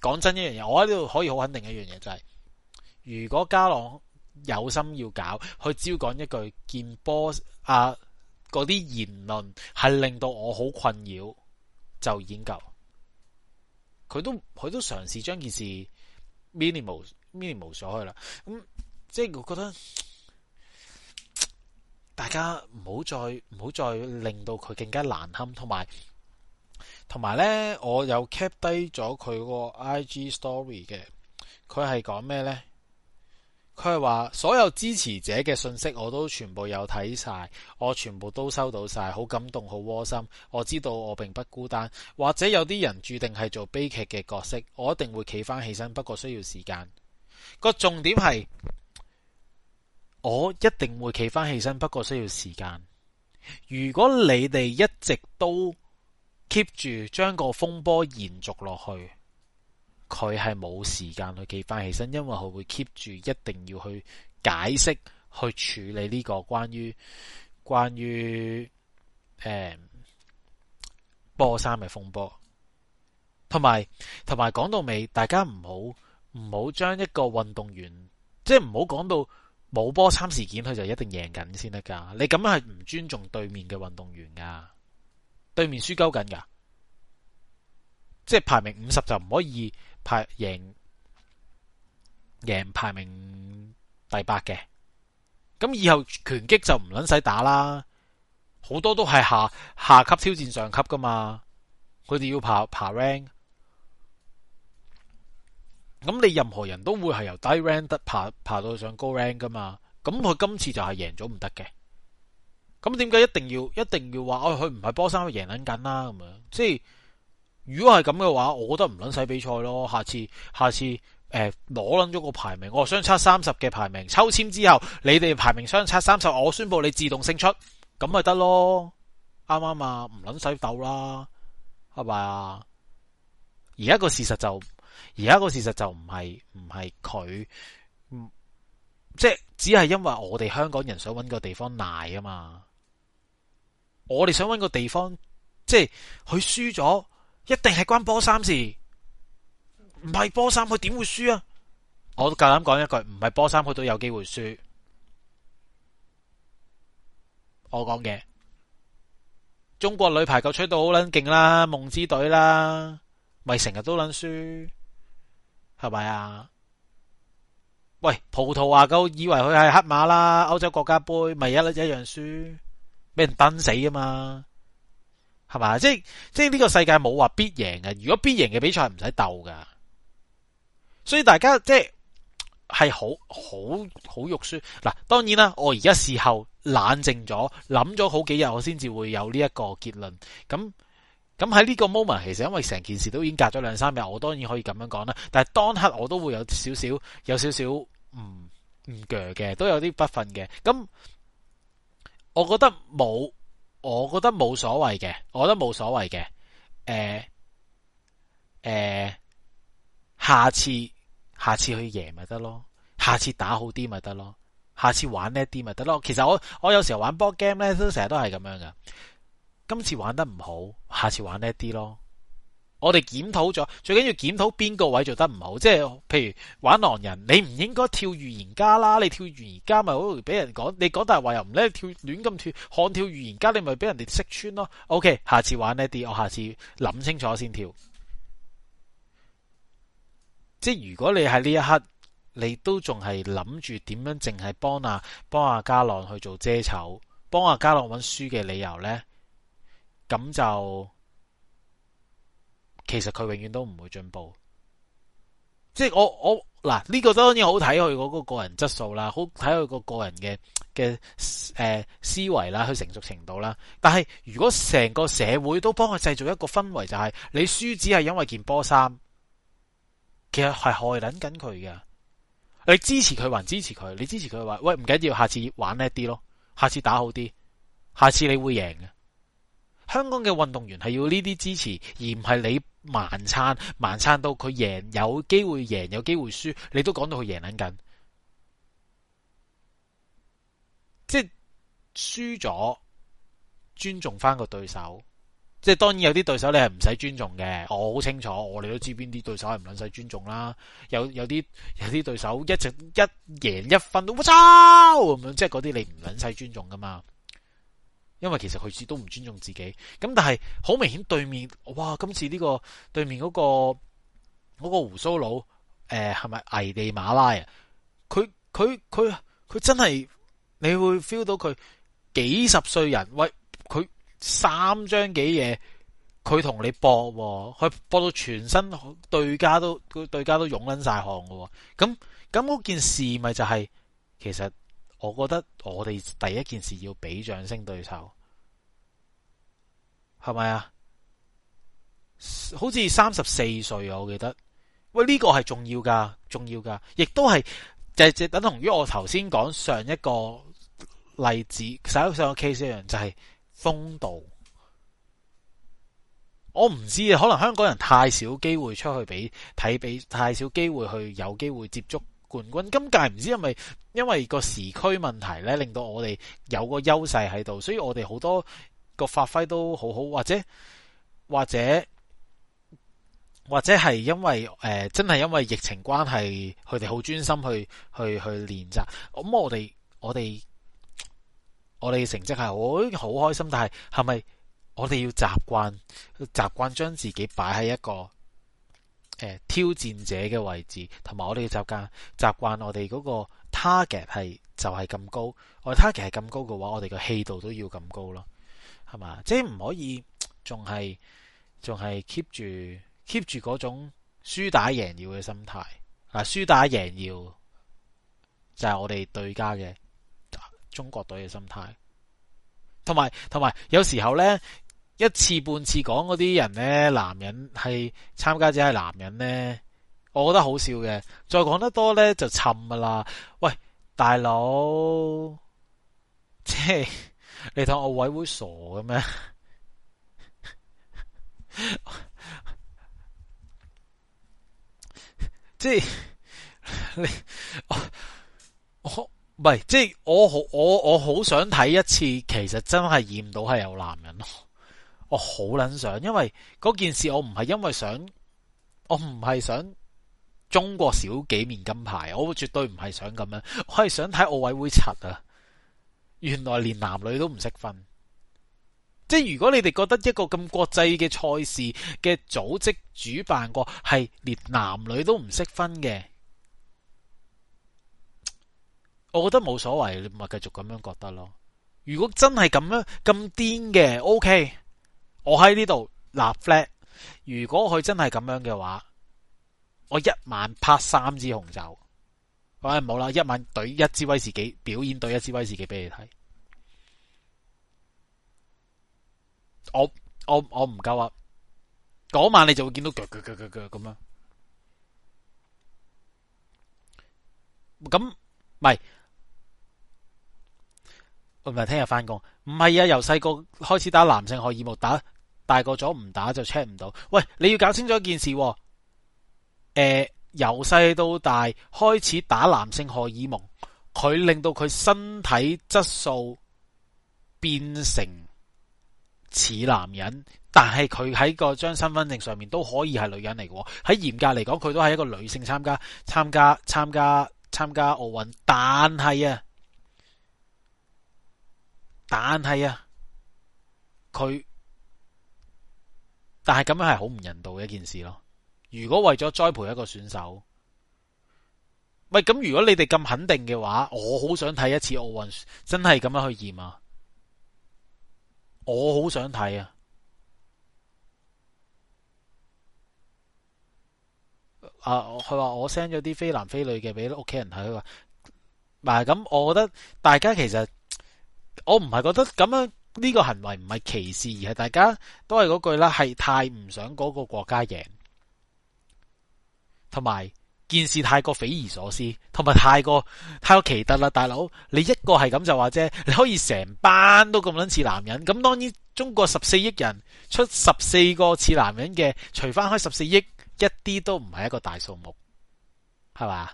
講真一樣嘢，我喺呢度可以好肯定一樣嘢，就係、是、如果家朗有心要搞，佢只要講一句建波啊嗰啲言論係令到我好困擾，就研究佢都佢都嘗試將件事 minimal minimal 咗去啦。咁、嗯、即係我覺得大家唔好再唔好再令到佢更加難堪，同埋。同埋呢，我有 cap 低咗佢個 IG story 嘅，佢係講咩呢？佢係話所有支持者嘅信息，我都全部有睇晒，我全部都收到晒，好感動，好窩心。我知道我並不孤單，或者有啲人注定係做悲劇嘅角色，我一定會企翻起身，不過需要時間。個重點係我一定會企翻起身，不過需要時間。如果你哋一直都，keep 住將個風波延續落去，佢係冇時間去記翻起身，因為佢會 keep 住一定要去解釋、去處理呢個關於關於誒、哎、波衫嘅風波。同埋同埋講到尾，大家唔好唔好將一個運動員，即係唔好講到冇波衫事件，佢就一定贏緊先得噶。你咁樣係唔尊重對面嘅運動員噶。對面輸鳩緊噶，即係排名五十就唔可以排贏贏排名第八嘅，咁以後拳擊就唔撚使打啦，好多都係下下級挑戰上級噶嘛，佢哋要爬爬 rank，咁你任何人都會係由低 rank 得爬爬，爬到上高 rank 噶嘛，咁佢今次就係贏咗唔得嘅。咁點解一定要一定要話佢唔係波衫去贏捻緊啦咁樣？即係如果係咁嘅話，我覺得唔捻使比賽咯。下次下次誒攞捻咗個排名，我、哦、相差三十嘅排名，抽籤之後你哋排名相差三十，我宣布你自動勝出，咁咪得咯？啱啱啊？唔捻使鬥啦，係咪啊？而家個事實就而家個事實就唔係唔係佢，即係只係因為我哋香港人想搵個地方賴啊嘛。我哋想揾個地方，即係佢輸咗，一定係關波衫事，唔係波衫，佢點會輸啊？我都夠膽講一句，唔係波衫，佢都有機會輸。我講嘅，中國女排夠吹到好撚勁啦，夢之隊啦，咪成日都撚輸，係咪啊？喂，葡萄牙夠以為佢係黑馬啦，歐洲國家杯咪一一樣輸。俾人崩死啊嘛，係嘛？即係即係呢個世界冇話必贏嘅，如果必贏嘅比賽唔使鬥噶，所以大家即係係好好好肉酸嗱。當然啦，我而家事後冷靜咗，諗咗好幾日，我先至會有呢一個結論。咁咁喺呢個 moment，其實因為成件事都已經隔咗兩三日，我當然可以咁樣講啦。但係當刻我都會有少少有少少唔唔嘅，都有啲不忿嘅咁。我覺得冇，我覺得冇所謂嘅，我覺得冇所謂嘅，誒、欸、誒、欸，下次下次去贏咪得咯，下次打好啲咪得咯，下次玩叻啲咪得咯。其實我我有時候玩波 game 咧，都成日都係咁樣噶，今次玩得唔好，下次玩叻啲咯。我哋檢討咗，最緊要檢討邊個位做得唔好，即係譬如玩狼人，你唔應該跳預言家啦，你跳預言家咪好俾人講，你講大話又唔叻跳，亂咁跳，看跳預言家你咪俾人哋識穿咯。OK，下次玩呢啲，我下次諗清楚先跳。即係如果你喺呢一刻，你都仲係諗住點樣淨係幫阿幫阿加浪去做遮醜，幫阿加浪搵輸嘅理由呢？咁就。其實佢永遠都唔會進步，即係我我嗱呢個當然好睇佢嗰個個人質素啦，好睇佢個個人嘅嘅誒思維啦，佢成熟程度啦。但係如果成個社會都幫佢製造一個氛圍，就係你輸只係因為件波衫，其實係害撚緊佢嘅。你支持佢還支持佢，你支持佢話喂唔緊要，下次玩叻啲咯，下次打好啲，下次你會贏嘅。香港嘅運動員係要呢啲支持，而唔係你。晚餐，晚餐到佢贏，有機會贏，有機會輸，你都講到佢贏撚緊，即係輸咗，尊重返個對手，即係當然有啲對手你係唔使尊重嘅，我好清楚，我哋都知邊啲對手係唔撚使尊重啦，有有啲有啲對手一直一贏一分都我操咁樣，即係嗰啲你唔撚使尊重㗎嘛。因為其實佢似都唔尊重自己，咁但係好明顯對面，哇！今次呢、這個對面嗰、那個嗰、那個鬍鬚佬，誒、呃，係咪危地馬拉啊？佢佢佢佢真係你會 feel 到佢幾十歲人，喂，佢三張幾嘢，佢同你搏、啊，佢搏到全身對家都對家都湧捻晒汗噶，咁咁嗰件事咪就係、是、其實。我覺得我哋第一件事要俾掌聲對手，係咪啊？好似三十四歲啊，我記得。喂，呢個係重要噶，重要噶，亦都係，就就等同於我頭先講上一個例子，上上個 case 一樣，就係風度。我唔知啊，可能香港人太少機會出去俾睇，俾太少機會去有機會接觸。冠軍今屆唔知係咪因為個時區問題咧，令到我哋有個優勢喺度，所以我哋好多個發揮都好好，或者或者或者係因為誒、呃、真係因為疫情關係，佢哋好專心去去去練習，咁、嗯、我哋我哋我哋成績係好好開心，但係係咪我哋要習慣習慣將自己擺喺一個挑戰者嘅位置，同埋我哋習慣習慣我哋嗰個 target 係就係咁高，我 target 係咁高嘅話，我哋嘅氣度都要咁高咯，係嘛？即係唔可以仲係仲係 keep 住 keep 住嗰種輸打贏要嘅心態，嗱，輸打贏要就係我哋對家嘅中國隊嘅心態，同埋同埋有時候呢。一次半次講嗰啲人呢，男人係參加者係男人呢，我覺得好笑嘅。再講得多呢，就沉啦。喂，大佬，即係你同奧委會傻嘅咩？即係你我唔係即係我好我我好想睇一次，其實真係驗到係有男人我好捻想，因為嗰件事，我唔係因為想，我唔係想中國少幾面金牌，我絕對唔係想咁樣。我係想睇奧委會柒啊。原來連男女都唔識分，即係如果你哋覺得一個咁國際嘅賽事嘅組織主辦國係連男女都唔識分嘅，我覺得冇所謂，你咪繼續咁樣覺得咯。如果真係咁樣咁癲嘅，OK。我喺呢度立 flat，如果佢真係咁樣嘅話，我一晚拍三支紅酒，喂、哎，冇啦，一晚懟一支威士忌，表演懟一支威士忌俾你睇，我我我唔夠啊！嗰晚你就會見到腳腳腳腳咁樣，咁唔係，我唔係聽日翻工。唔係啊，由細個開始打男性荷爾蒙，打大個咗唔打就 check 唔到。喂，你要搞清楚一件事，啊，誒、呃，由細到大開始打男性荷爾蒙，佢令到佢身體質素變成似男人，但係佢喺個張身份證上面都可以係女人嚟嘅。喺嚴格嚟講，佢都係一個女性參加參加參加參加奧運，但係啊。但係啊，佢但係咁樣係好唔人道嘅一件事咯。如果為咗栽培一個選手，喂，咁如果你哋咁肯定嘅話，我好想睇一次奧運，真係咁樣去驗啊！我好想睇啊！啊，佢話我 send 咗啲非男非女嘅俾屋企人睇，佢話，嗱、啊、咁，我覺得大家其實。我唔係覺得咁樣呢個行為唔係歧視，而係大家都係嗰句啦，係太唔想嗰個國家贏，同埋件事太過匪夷所思，同埋太過太過奇特啦，大佬你一個係咁就話啫，你可以成班都咁捻似男人咁，當然中國十四億人出十四個似男人嘅，除翻開十四億，一啲都唔係一個大數目，係嘛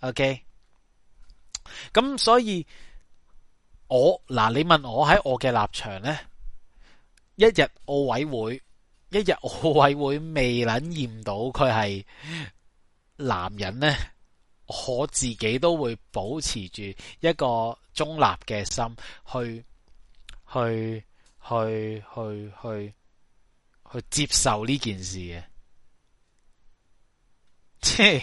？OK，咁所以。我嗱，你問我喺我嘅立場呢，一日奧委會，一日奧委會未能驗到佢係男人呢。我自己都會保持住一個中立嘅心去去去去去去接受呢件事嘅，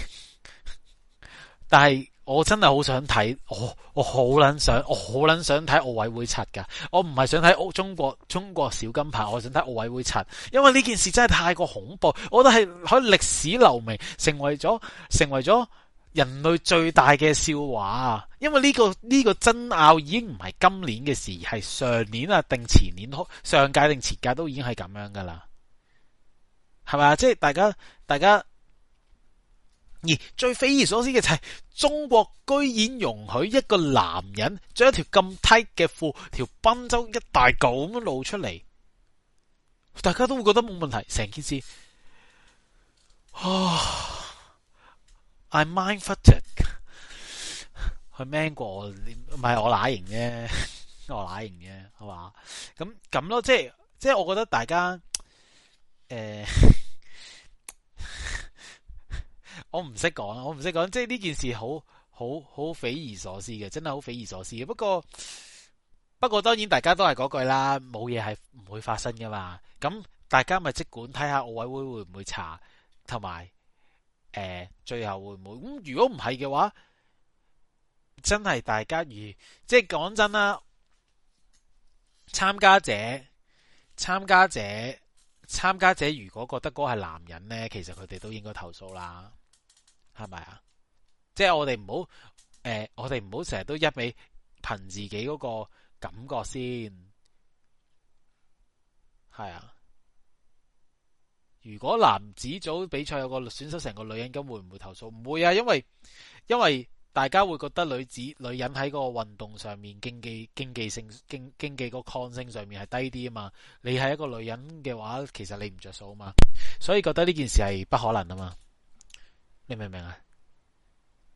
<laughs> 但係。我真係好想睇，我我好捻想，我好捻想睇奧委會七噶。我唔係想睇中國中國小金牌，我想睇奧委會七，因為呢件事真係太過恐怖。我覺得係喺歷史留名成，成為咗成為咗人類最大嘅笑話。因為呢個呢個爭拗已經唔係今年嘅事，係上年啊，定前年上屆定前屆都已經係咁樣噶啦，係咪啊？即係大家大家。大家而最匪夷所思嘅就係、是，中國居然容許一個男人將一條咁 tight 嘅褲，條賓州一大嚿咁露出嚟，大家都會覺得冇問題。成件事，啊，I mind fucked，佢 <laughs> man 過我，唔係我乸型啫，我乸型啫，係 <laughs> 嘛？咁咁咯，即係即係，我覺得大家誒。呃我唔識講，我唔識講，即係呢件事好好好匪夷所思嘅，真係好匪夷所思嘅。不過不過，當然大家都係嗰句啦，冇嘢係唔會發生㗎嘛。咁大家咪即管睇下奧委會會唔會查，同埋誒，最後會唔會？咁如果唔係嘅話，真係大家如即係講真啦，參加者、參加者、參加者，如果覺得嗰個係男人呢，其實佢哋都應該投訴啦。係咪啊？即係我哋唔好誒，我哋唔好成日都一味憑自己嗰個感覺先。係啊，如果男子組比賽有個選手成個女人，咁會唔會投訴？唔會啊，因為因為大家會覺得女子女人喺嗰個運動上面競技競技性、競競技的抗性上面係低啲啊嘛。你係一個女人嘅話，其實你唔着數啊嘛。所以覺得呢件事係不可能啊嘛。明唔明啊？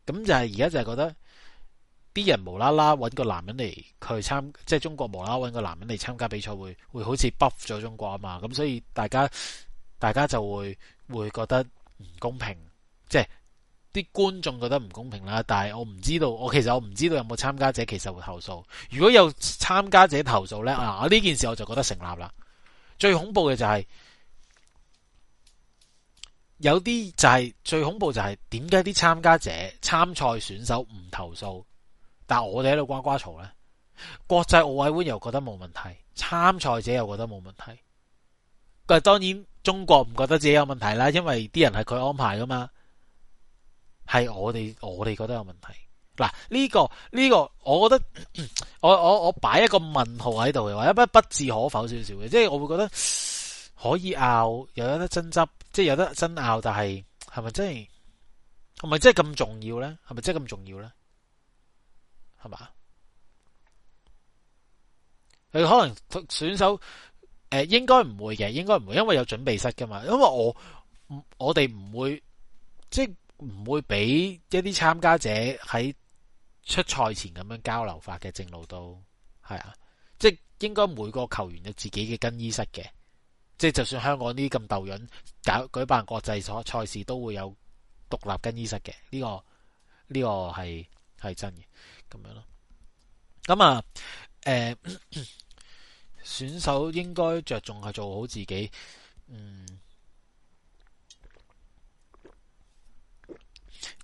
咁就係而家就係覺得啲人無啦啦揾個男人嚟去參，即係中國無啦啦揾個男人嚟參加比賽，會會好似 buff 咗中國啊嘛？咁所以大家大家就會會覺得唔公平，即係啲觀眾覺得唔公平啦。但係我唔知道，我其實我唔知道有冇參加者其實會投訴。如果有參加者投訴呢，啊呢件事我就覺得成立啦。最恐怖嘅就係、是。有啲就係、是、最恐怖就係點解啲參加者參賽選手唔投訴，但我哋喺度呱呱嘈呢，國際奧委會又覺得冇問題，參賽者又覺得冇問題。但當然中國唔覺得自己有問題啦，因為啲人係佢安排噶嘛。係我哋我哋覺得有問題。嗱呢個呢個，這個、我覺得我我我擺一個問號喺度嘅話，一不不置可否少少嘅，即係我會覺得。可以拗，又有得爭執，即係有得爭拗，但係係咪真係係咪真係咁重要呢？係咪真係咁重要呢？係嘛？佢可能選手誒，應該唔會嘅，應該唔會，因為有準備室噶嘛。因為我我哋唔會即係唔會俾一啲參加者喺出賽前咁樣交流法嘅，正路都係啊，即係應該每個球員有自己嘅更衣室嘅。即係就算香港呢啲咁逗卵搞，舉辦國際賽賽事都會有獨立更衣室嘅。呢個呢個係係真嘅，咁樣咯。咁啊，誒選手應該着重係做好自己。嗯，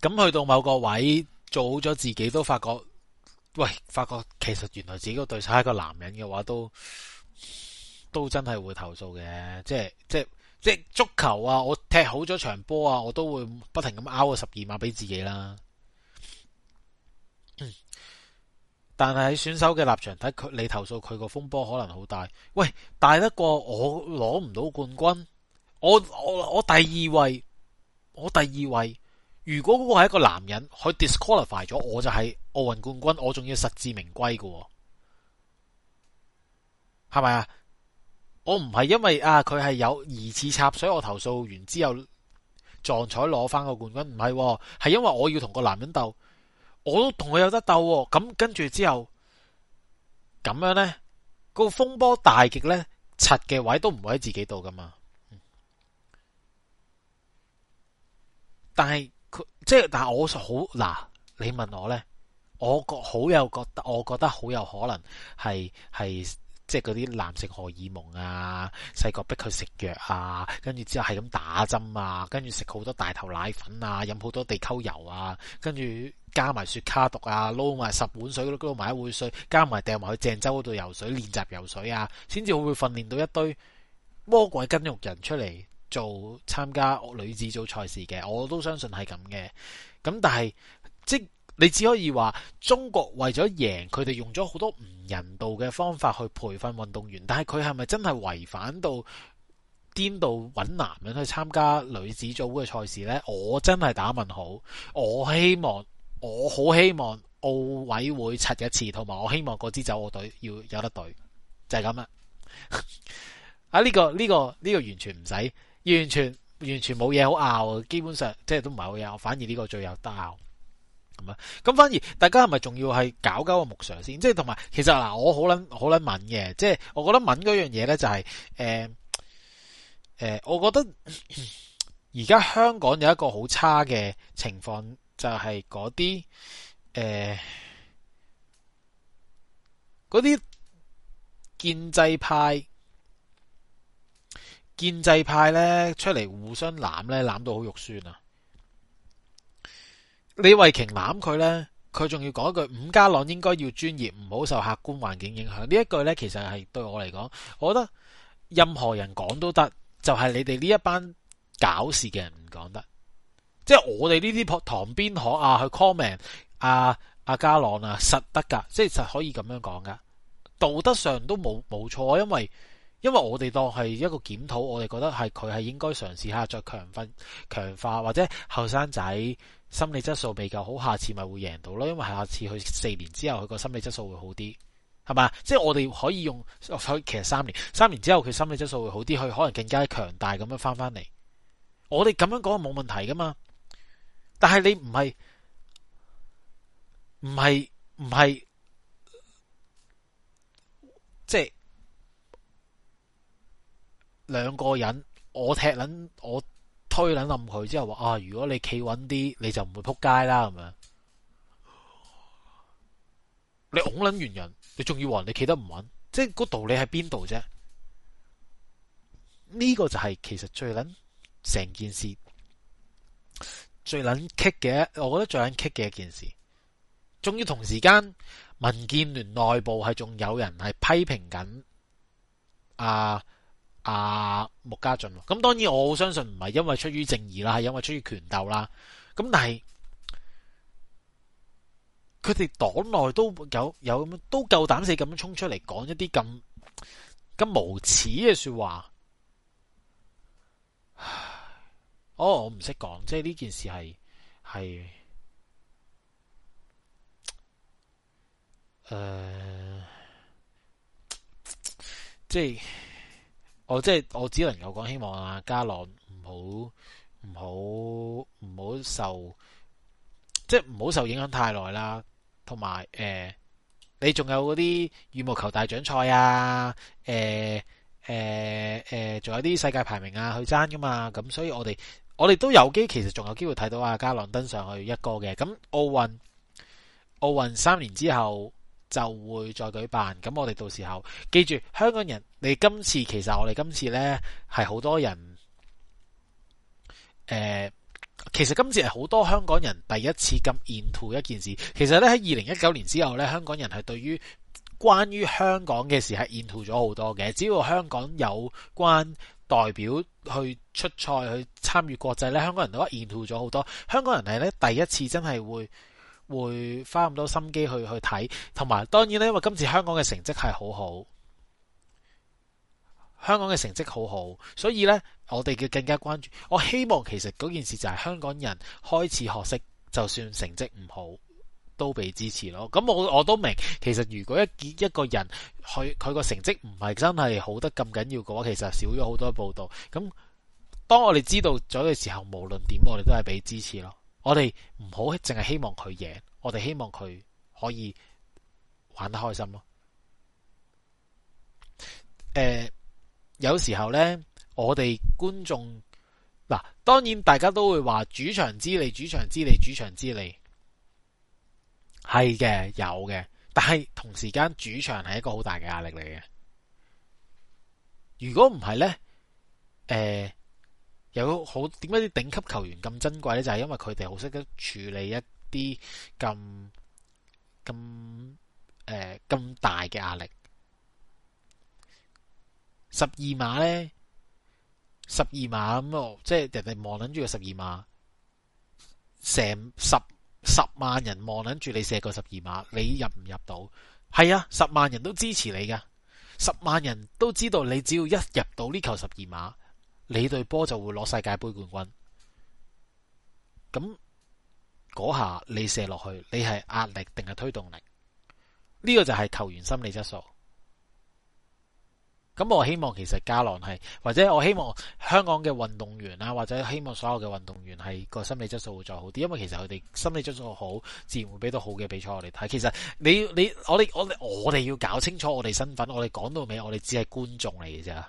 咁去到某個位做好咗自己都發覺喂，發覺其實原來自己個對手係一個男人嘅話都。都真係會投訴嘅，即係即即足球啊！我踢好咗場波啊，我都會不停咁拗個個十二碼俾自己啦，嗯。但係喺選手嘅立場睇佢，你投訴佢個風波可能好大。喂，大得過我攞唔到冠軍，我我我第二位，我第二位。如果嗰個係一個男人，佢 disqualify 咗，我就係奧運冠軍，我仲要實至名歸噶，係咪啊？我唔係因為啊，佢係有疑似插水，所以我投訴完之後撞彩攞翻個冠軍，唔係喎，係因為我要同個男人鬥，我都同佢有得鬥喎，咁、嗯、跟住之後咁樣呢，個風波大極呢，插嘅位都唔會喺自己度噶嘛。但係佢即係，但係我好嗱，你問我呢，我覺好有覺得，我覺得好有可能係係。即係嗰啲男性荷爾蒙啊，細個逼佢食藥啊，跟住之後係咁打針啊，跟住食好多大頭奶粉啊，飲好多地溝油啊，跟住加埋雪卡毒啊，撈埋十碗水，撈埋一碗水，加埋掟埋去鄭州嗰度游水，練習游水啊，先至會訓練到一堆魔鬼筋肉人出嚟做參加女子組賽事嘅，我都相信係咁嘅。咁但係即。你只可以話中國為咗贏，佢哋用咗好多唔人道嘅方法去培訓運動員。但係佢係咪真係違反到顛到搵男人去參加女子組嘅賽事呢？我真係打問號。我希望，我好希望，奧委會拆一次，同埋我希望嗰支走我隊要有得隊就係咁啦。 <laughs> 啊，呢個呢個呢個完全唔使，完全完全冇嘢好拗，基本上即係都唔係好拗，反而呢個最有得拗。咁啊，咁反而大家係咪仲要係搞搞個目上先？即係同埋，其實嗱，我好捻好捻悶嘅，即係我覺得悶嗰樣嘢咧就係誒誒，我覺得而家，就是呃呃，香港有一個好差嘅情況就係嗰啲誒嗰啲建制派建制派咧出嚟互相攬咧，攬到好肉酸啊！李慧瓊攬佢呢，佢仲要講一句：伍家朗應該要專業，唔好受客觀環境影響。呢一句呢，其實係對我嚟講，我覺得任何人講都得，就係、是、你哋呢一班搞事嘅人唔講得。即係我哋呢啲旁邊邊行啊，去 comment 啊，阿、啊、家朗啊，實得噶，即係實可以咁樣講噶，道德上都冇冇錯，因為。因為我哋當係一個檢討，我哋覺得係佢係應該嘗試下再強訓、強化或者後生仔心理質素比較好，下次咪會贏到咯。因為下次佢四年之後佢個心理質素會好啲，係嘛？即係我哋可以用，其實三年，三年之後佢心理質素會好啲，佢可能更加強大咁樣翻翻嚟。我哋咁樣講冇問題噶嘛？但係你唔係唔係唔係即係。兩個人，我踢捻，我推捻冧佢之後話啊，如果你企穩啲，你就唔會扑街啦。咁樣，你拱捻完人，你仲要話人企得唔穩，即係個道理喺邊度啫？呢個就係其實最捻成件事最捻棘嘅，我覺得最捻棘嘅一件事，仲要同時間民建聯內部係仲有人係批評緊啊。阿、啊、穆家俊，咁當然我好相信唔係因為出於正義啦，係因為出於權鬥啦。咁但係佢哋黨內都有有咁，都夠膽死咁樣衝出嚟講一啲咁咁無恥嘅說話。哦，我唔識講，即係呢件事係係誒即。我即係我只能夠講，希望阿加朗唔好唔好唔好受，即係唔好受影響太耐啦。同埋、呃、你仲有嗰啲羽毛球大獎賽啊，誒誒誒，仲、呃呃、有啲世界排名啊，去爭噶嘛。咁所以我哋我哋都有機，其實仲有機會睇到阿加朗登上去一哥嘅。咁奧運奧運三年之後，就會再舉辦，咁我哋到時候記住，香港人，你今次其實我哋今次呢係好多人，呃，其實今次係好多香港人第一次咁 into 一件事。其實呢，喺二零一九年之後呢，香港人係對於關於香港嘅事係 into 咗好多嘅。只要香港有關代表去出賽去參與國際呢，香港人都 into 咗好多。香港人係呢第一次真係會，會花咁多心機去去睇，同埋當然呢，因為今次香港嘅成績係好好，香港嘅成績好好，所以呢，我哋嘅更加關注。我希望其實嗰件事就係香港人開始學識，就算成績唔好都俾支持咯。咁我我都明，其實如果一一個人佢佢個成績唔係真係好得咁緊要嘅話，其實少咗好多報道。咁當我哋知道咗嘅時候，無論點我哋都係俾支持咯。我哋唔好淨係希望佢贏，我哋希望佢可以玩得開心咯。誒、呃，有時候呢，我哋觀眾嗱，當然大家都會話主場之利，主場之利，主場之利，係嘅，有嘅。但係同時間，主場係一個好大嘅壓力嚟嘅。如果唔係呢？誒、呃。有好，點解啲頂級球員咁珍貴呢？就係因為佢哋好識得處理一啲咁咁，誒、咁大嘅壓力。十二碼呢？十二碼咁，即係人哋望緊住個十二碼，成十十萬人望緊住你射個十二碼，你入唔入到？係啊，十萬人都支持你㗎，十萬人都知道你只要一入到呢球十二碼。你對波就會攞世界杯冠軍，咁嗰下你射落去，你係壓力定係推動力？呢個就係球員心理質素。咁我希望其實加朗係，或者我希望香港嘅運動員啊，或者希望所有嘅運動員係個心理質素會再好啲，因為其實佢哋心理質素好，自然會俾到好嘅比賽我哋睇。其實你你我哋我我哋要搞清楚我哋身份，我哋講到尾，我哋只係觀眾嚟嘅啫。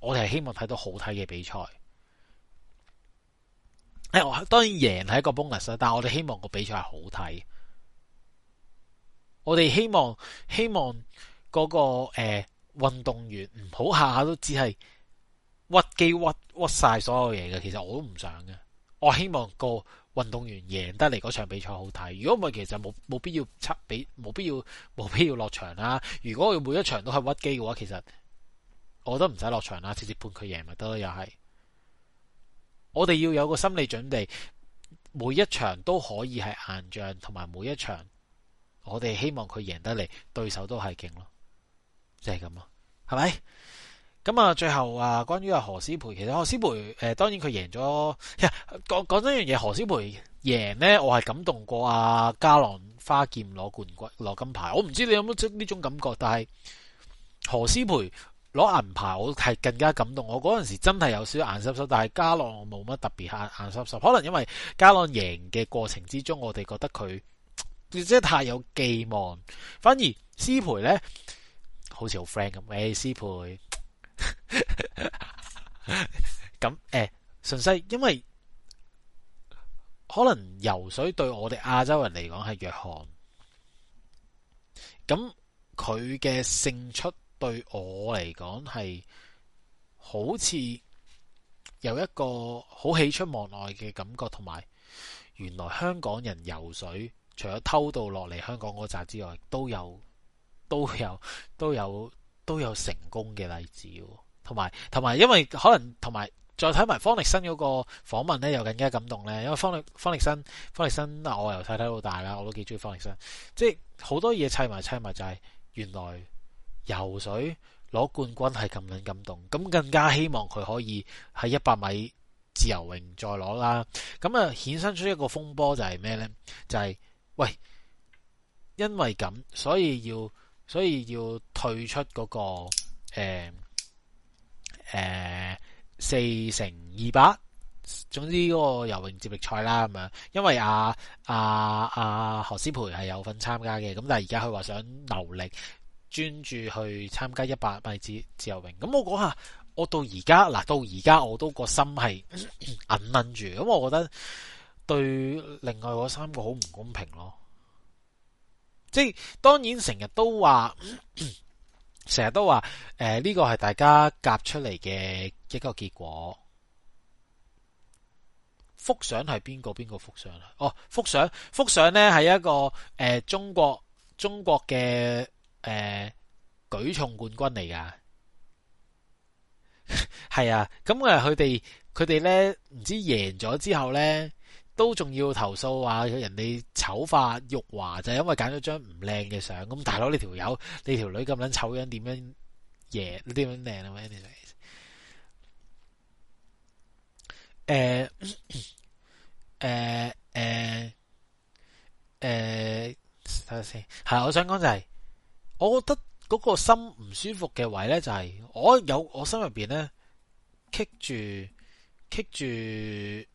我哋係希望睇到好睇嘅比賽，當然贏係一個 bonus，但係我哋希望個比賽係好睇。我哋希望希望嗰個誒、呃、運動員唔好下下都只係屈機屈屈晒所有嘢嘅，其實我都唔想嘅。我希望個運動員贏得嚟嗰場比賽好睇，如果唔係，其實冇冇必要出比冇必要冇必要落場啦。如果佢每一場都係屈機嘅話，其實。我都唔使落場啦，直接判佢贏咪得咯，又係。我哋要有個心理準備，每一場都可以係硬仗，同埋每一場我哋希望佢贏得嚟，對手都係勁咯，就係咁咯，係咪？咁啊，最後啊，關於阿何詩蓓，其實何詩蓓誒、呃，當然佢贏咗。講講真樣嘢，何詩蓓贏呢？我係感動過啊。家朗花劍攞冠軍、攞金牌。我唔知你有冇呢種感覺，但係何詩蓓。攞銀牌我係更加感動，我嗰陣時真係有少少眼濕濕，但係家朗我冇乜特別眼眼濕濕，可能因為家朗贏嘅過程之中，我哋覺得佢即係太有寄望，反而詩蓓呢，好似好 friend 咁、欸，誒詩蓓咁，誒純粹因為可能游水對我哋亞洲人嚟講係弱項，咁佢嘅勝出。對我嚟講係好似有一個好喜出望外嘅感覺，同埋原來香港人游水，除咗偷渡落嚟香港嗰扎之外，都有都有都有都有成功嘅例子，同埋同埋因為可能同埋再睇埋方力申嗰個訪問呢，又更加感動呢。因為方力方力申方力申，我由細睇到大啦，我都幾中意方力申，即係好多嘢砌埋砌埋就係原來。游水攞冠軍係咁樣感動，咁更加希望佢可以喺一百米自由泳再攞啦。咁啊，衍生出一個風波就係咩呢？就係、是、喂，因為咁，所以要所以要退出嗰、那個誒四乘二百，呃呃、4, 200，總之嗰個游泳接力賽啦咁樣。因為阿阿阿何詩蓓係有份參加嘅，咁但係而家佢話想留力。專注去參加一百米自自由泳。咁我講下，我到而家嗱，到而家我都個心係揞揞住。咁我覺得對另外嗰三個好唔公平咯。即係當然成日都話，成日都話誒，呢、呃，這個係大家夾出嚟嘅一個結果。幅相係邊個，邊個幅相？啊？哦，幅相。幅相呢係一個誒、呃、中國中國嘅。誒、呃，舉重冠軍嚟噶係 <laughs> 啊。咁佢哋佢哋咧，唔知贏咗之後咧，都仲要投訴話人哋醜化辱華，就係、是，因為揀咗張唔靚嘅相。咁大佬，你條友你條女咁撚醜樣，點樣贏？你點樣靚啊？咩意思？誒誒誒誒，睇下先。係，我想講就係、是。我覺得嗰個心唔舒服嘅位咧，就是，就係我有我心入邊咧棘住棘住，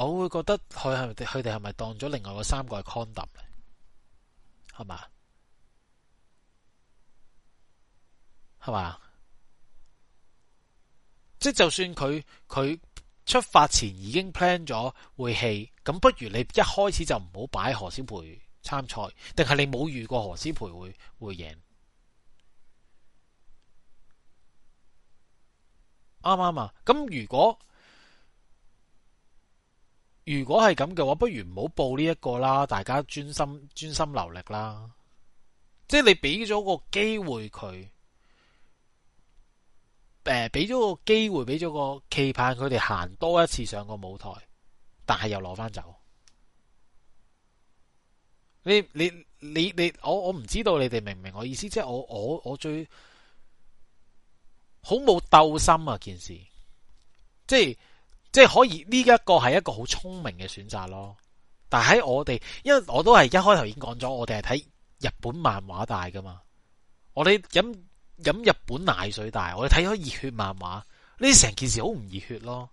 我會覺得佢係佢哋係咪當咗另外嗰三個係 condom 咧？係嘛？係嘛？即係就算佢佢出發前已經 plan 咗會棄，咁不如你一開始就唔好擺何小培，參賽，定係你冇遇過何詩蓓會會贏？啱唔啱啊？咁如果如果係咁嘅話，不如唔好報呢一個啦。大家專心專心留力啦。即係你俾咗個機會佢，誒俾咗個機會，俾咗個期盼佢哋行多一次上個舞台，但係又攞翻走。你你你你我我唔知道你哋明唔明我意思，即係我我我最好冇鬥心啊！件事，即係即係可以呢一個係一個好聰明嘅選擇咯。但係喺我哋，因為我都係一開頭已經講咗，我哋係睇日本漫畫大噶嘛，我哋飲飲日本奶水大，我哋睇咗熱血漫畫，呢成件事好唔熱血咯。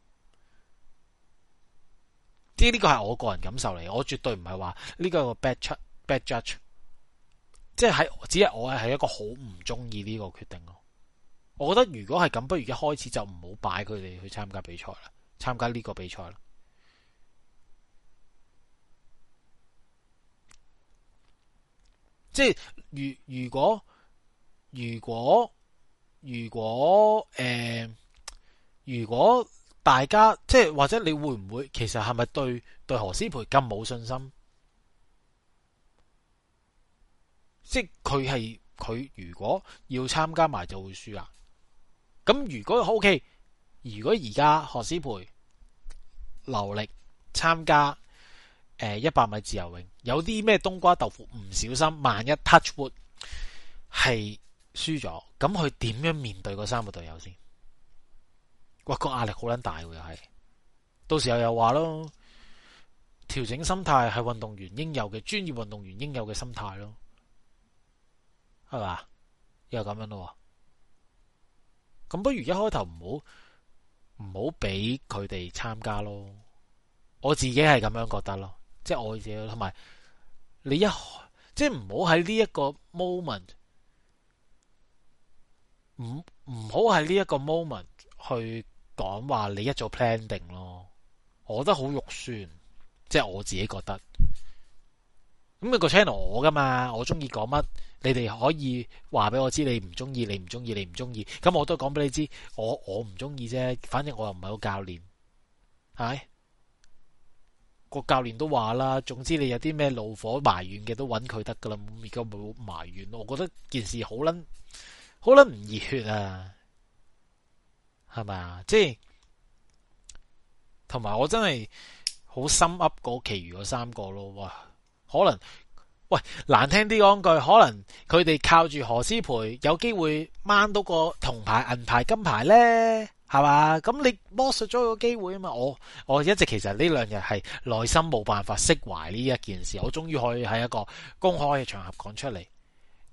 啲呢個係我個人感受嚟，我絕對唔係話呢個係個 bad judge，bad judge，即係喺，只係我係一個好唔中意呢個決定咯。我覺得如果係咁，不如一開始就唔好擺佢哋去參加比賽啦，參加呢個比賽啦。即係如如果如果如果誒如果。如果如果呃如果大家即係或者你會唔會其實係咪對對何詩蓓咁冇信心？即係佢係佢如果要參加埋就會輸啊！咁如果 OK，如果而家何詩蓓留力參加誒一百米自由泳，有啲咩冬瓜豆腐唔小心，萬一 touch wood 係輸咗，咁佢點樣面對嗰三個隊友先？哇！個壓力好捻大，又係，到時候又話咯，調整心態係運動員應有嘅，專業運動員應有嘅心態咯，係嘛？又咁樣咯，咁不如一開頭唔好唔好俾佢哋參加咯，我自己係咁樣覺得咯，即係我自己，同埋你一即係唔好喺呢一個 moment，唔唔好喺呢一個 moment 去。講話你一做 planning 咯，我覺得好肉酸，即、就、係、是、我自己覺得。咁、那個 channel 我噶嘛，我中意講乜，你哋可以話俾我知，你唔中意，你唔中意，你唔中意。咁我都講俾你知，我我唔中意啫。反正我又唔係個教練，係、哎那個教練都話啦。總之你有啲咩怒火埋怨嘅，都揾佢得噶啦。咁而家冇埋怨，我覺得件事好捻好捻唔熱血啊！係咪啊？即係同埋，我真係好心 up 過其餘嗰三個咯。哇，可能喂難聽啲講句，可能佢哋靠住何詩蓓有機會掹到個銅牌、銀牌、金牌呢？係嘛？咁你剝削咗個機會啊嘛！我我一直其實呢兩日係內心冇辦法釋懷呢一件事，我終於可以喺一個公開嘅場合講出嚟。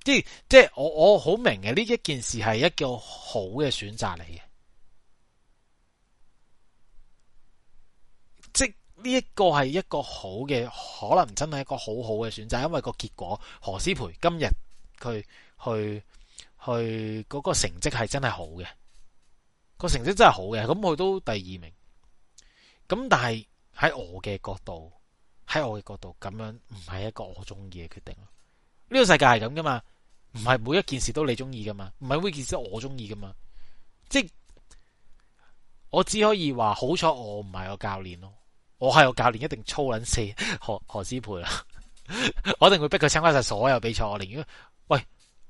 即係即係，我我好明嘅呢一件事係一個好嘅選擇嚟嘅。呢、這、一個係一個好嘅，可能真係一個好好嘅選擇，因為個結果何詩蓓今日佢去去，去、個成績係真係好嘅，個成績真係好嘅。咁佢都第二名。咁但係喺我嘅角度，喺我嘅角度咁樣唔係一個我中意嘅決定。呢、這個世界係咁噶嘛，唔係每一件事都你中意噶嘛，唔係每件事都我中意噶嘛，即我只可以話好彩我唔係個教練咯。我係我教練，一定操捻死何何詩蓓啦， <laughs> 我一定會逼佢參加晒所有比賽。我寧願喂，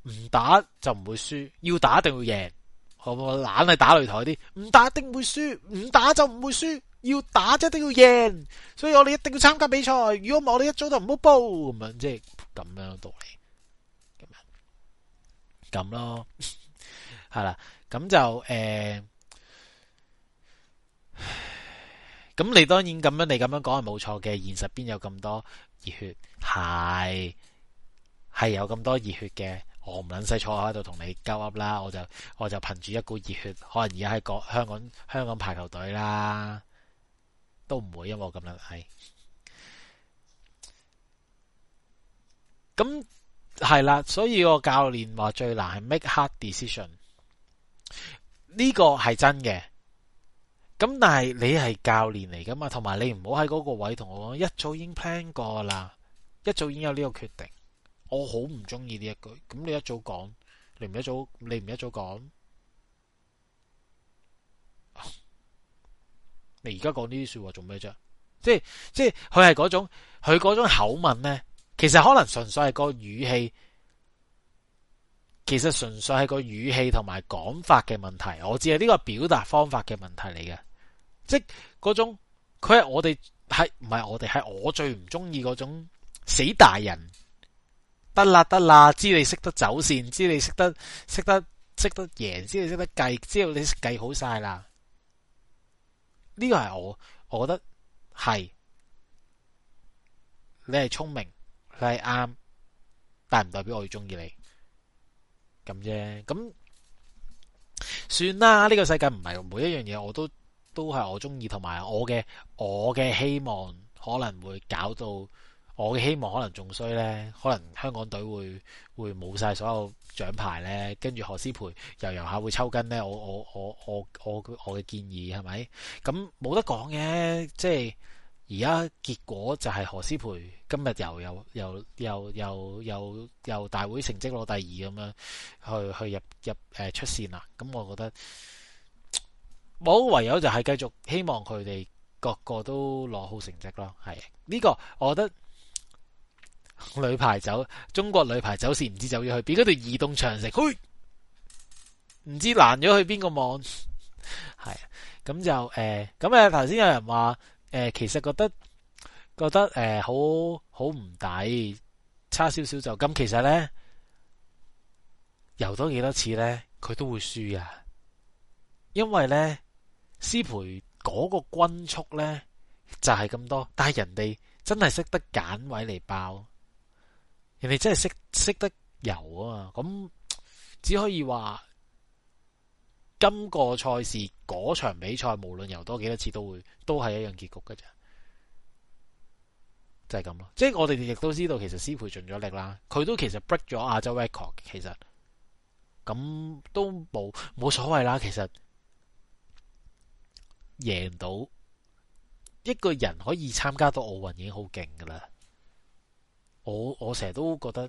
唔打就唔會輸，要打一定要贏，好唔好？懶係打擂台啲，唔打一定會輸，唔打就唔會輸，要打就一定要贏。所以我哋一定要參加比賽。如果冇，我哋一早就唔好報咁樣，即係咁樣道理。咁樣咁咯，係啦。咁 <laughs> <laughs> 就誒。呃咁你當然咁樣，你咁樣講係冇錯嘅。現實邊有咁多熱血，係係有咁多熱血嘅。我唔捻使坐喺度同你交 up 啦，我就我就憑住一股熱血，可能而家喺香港香港排球隊啦，都唔會因為我咁樣係。咁係啦，所以個教練話最難係 make hard decision，呢個係真嘅。咁但係你係教練嚟噶嘛？同埋你唔好喺嗰個位同我講，一早已經 plan 過啦，一早已經有呢個決定。我好唔中意呢一句。咁你一早講，你唔一早，你唔一早講，你而家講呢啲說話做咩啫？即係即係佢係嗰種，佢嗰種口吻呢，其實可能純粹係個語氣，其實純粹係個語氣同埋講法嘅問題。我只係呢個表達方法嘅問題嚟嘅。即嗰種，佢係我哋係唔係我哋係我最唔中意嗰種死大人。得啦得啦，知你識得走線，知你識得識得識得贏，知你識得計，知道你識計好晒啦。呢個係我，我覺得係你係聰明，你係啱，但唔代表我要中意你咁啫。咁算啦，呢個世界唔係每一樣嘢我都。都係我中意同埋我嘅我嘅希望，可能會搞到我嘅希望可能仲衰呢，可能香港隊會會冇晒所有獎牌呢。跟住何詩蓓游游下會抽筋呢，我我我我我我嘅建議係咪？咁冇得講嘅，即係而家結果就係何詩蓓今日又又又又又又又大會成績攞第二咁樣去去入入誒、呃、出線啦。咁我覺得。冇，唯有就係繼續希望佢哋個個都攞好成績咯。係呢、呢個，我覺得女排走，中國女排走勢唔知就要去邊。嗰條移動長城，嘿，唔知道難咗去邊個網。係咁就誒，咁誒頭先有人話誒、呃，其實覺得覺得誒好好唔抵，差少少就咁。其實呢，游多幾多次呢，佢都會輸啊，因為呢。詩蓓嗰個均速呢就係、是、咁多，但係人哋真係識得揀位嚟爆，人哋真係識識得游啊嘛，咁只可以話今個賽事嗰場比賽無論游多幾多次都會都係一樣結局噶咋，就係咁咯。即、就、係、是、我哋亦都知道，其實詩蓓盡咗力啦，佢都其實 break 咗亞洲 record，其實咁都冇冇所謂啦，其實。贏唔到，一個人可以參加到奧運已經好勁噶啦。我我成日都覺得，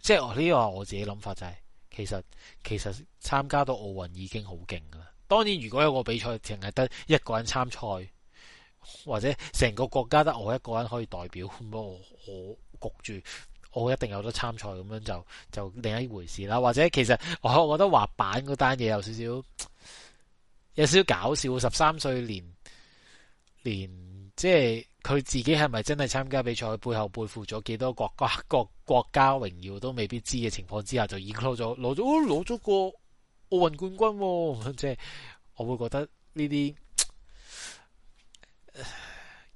即係呢個我自己諗法，就係，就係其實其實參加到奧運已經好勁噶啦。當然，如果有個比賽淨係得一個人參賽，或者成個國家得我一個人可以代表，咁我我焗住我一定有得參賽，咁樣就就另一回事啦。或者其實我覺得滑板嗰單嘢有少少。有少少搞笑，十三歲連連即係佢自己係咪真係參加比賽？佢背後背負咗幾多國國國家榮耀都未必知嘅情況之下，就已經攞咗，攞咗，攞、哦、咗個奧運冠軍、哦。即係我會覺得呢啲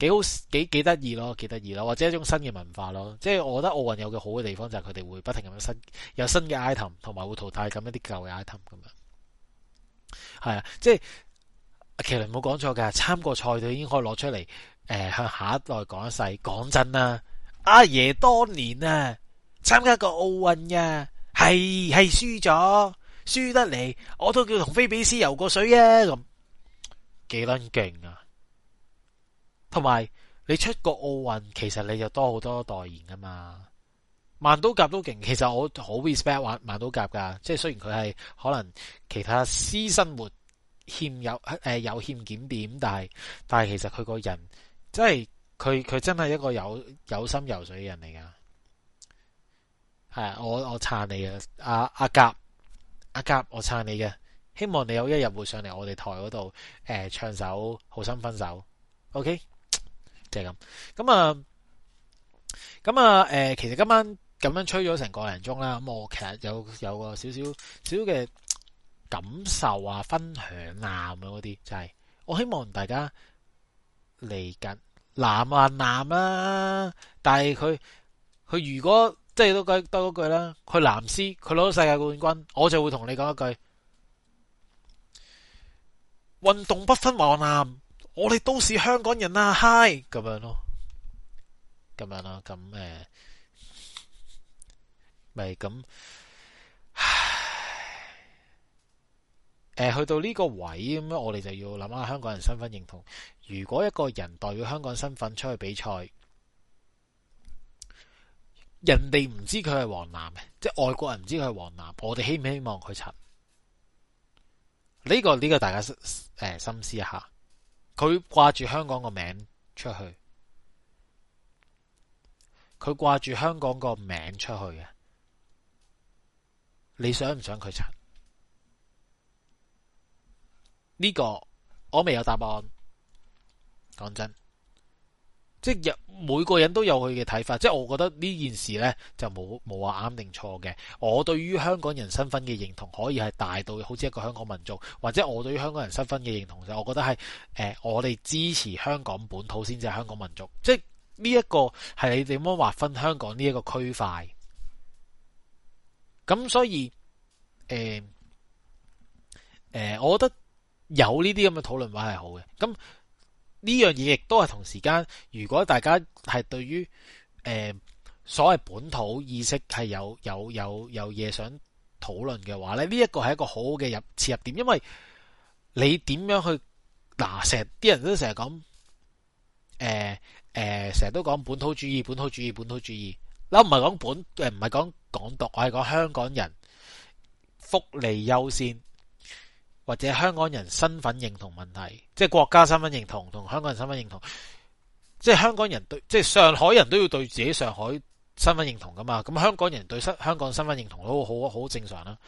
幾好，幾幾得意咯，幾得意咯，或者一種新嘅文化咯。即係我覺得奧運有個好嘅地方就係佢哋會不停咁樣新有新嘅 item，同埋會淘汰咁一啲舊嘅 item 咁樣。係啊，即係麒麟冇講錯噶，參過賽隊已經可以攞出嚟，誒、呃、向下一代講一世。講真啦、啊，阿爺當年啊參加過奧運啊，係係輸咗，輸得嚟我都叫同菲比斯游過水啊，咁幾撚勁啊！同埋你出個奧運，其實你就多好多代言噶嘛。萬刀甲都勁，其實我好 respect 萬刀甲噶，即係雖然佢係可能其他私生活欠有、呃、有欠檢點，但係但其實佢個人即真係佢佢真係一個有有心游水嘅人嚟噶，係啊，我我撐你嘅，阿阿甲阿甲，我撐你嘅，希望你有一日會上嚟我哋台嗰度、呃、唱首《好心分手》，OK， <laughs> 就係咁，咁、嗯、啊，咁、嗯、啊、嗯嗯嗯，其實今晚。咁樣吹咗成個零鐘啦，咁我其實有有個少少少嘅感受啊，分享啊嗰啲，就係、是、我希望大家嚟緊男啊男啊但係佢佢如果即係都嗰都嗰句啦，佢男師佢攞咗世界冠軍，我就會同你講一句，運動不分黃藍，我哋都是香港人啊，嗨咁樣咯，咁樣咯，咁誒。咪咁，唉，呃、去到呢個位咁樣，我哋就要諗下香港人身份認同。如果一個人代表香港身份出去比賽，人哋唔知佢係黃藍，即係外國人唔知佢係黃藍，我哋希唔希望佢陳？呢個呢個，呢個、大家誒深、呃、思一下。佢掛住香港個名出去，佢掛住香港個名出去嘅。你想唔想佢查？呢個我未有答案。講真，即係每個人都有佢嘅睇法。即係我覺得呢件事呢，就冇冇話啱定錯嘅。我對於香港人身份嘅認同可以係大到好似一個香港民族，或者我對於香港人身份嘅認同就我覺得係誒、呃、我哋支持香港本土先至係香港民族。即係呢一個係你點樣劃分香港呢一個區塊？咁所以，誒、呃、誒、呃，我覺得有呢啲咁嘅討論話係好嘅。咁呢樣嘢亦都係同時間，如果大家係對於誒、呃、所謂本土意識係有有有有嘢想討論嘅話咧，呢、這個、一個係一個好嘅入切入點，因為你點樣去嗱成日啲人都成日講，誒、呃、誒，成、呃、日都講本土主義、本土主義、本土主義。嗱，唔係講本誒，唔係講。港獨，我係講香港人福利優先，或者香港人身份認同問題，即係國家身份認同同香港人身份認同，即係香港人對，即係上海人都要對自己上海身份認同噶嘛？咁香港人對新香港身份認同都好好好正常啦。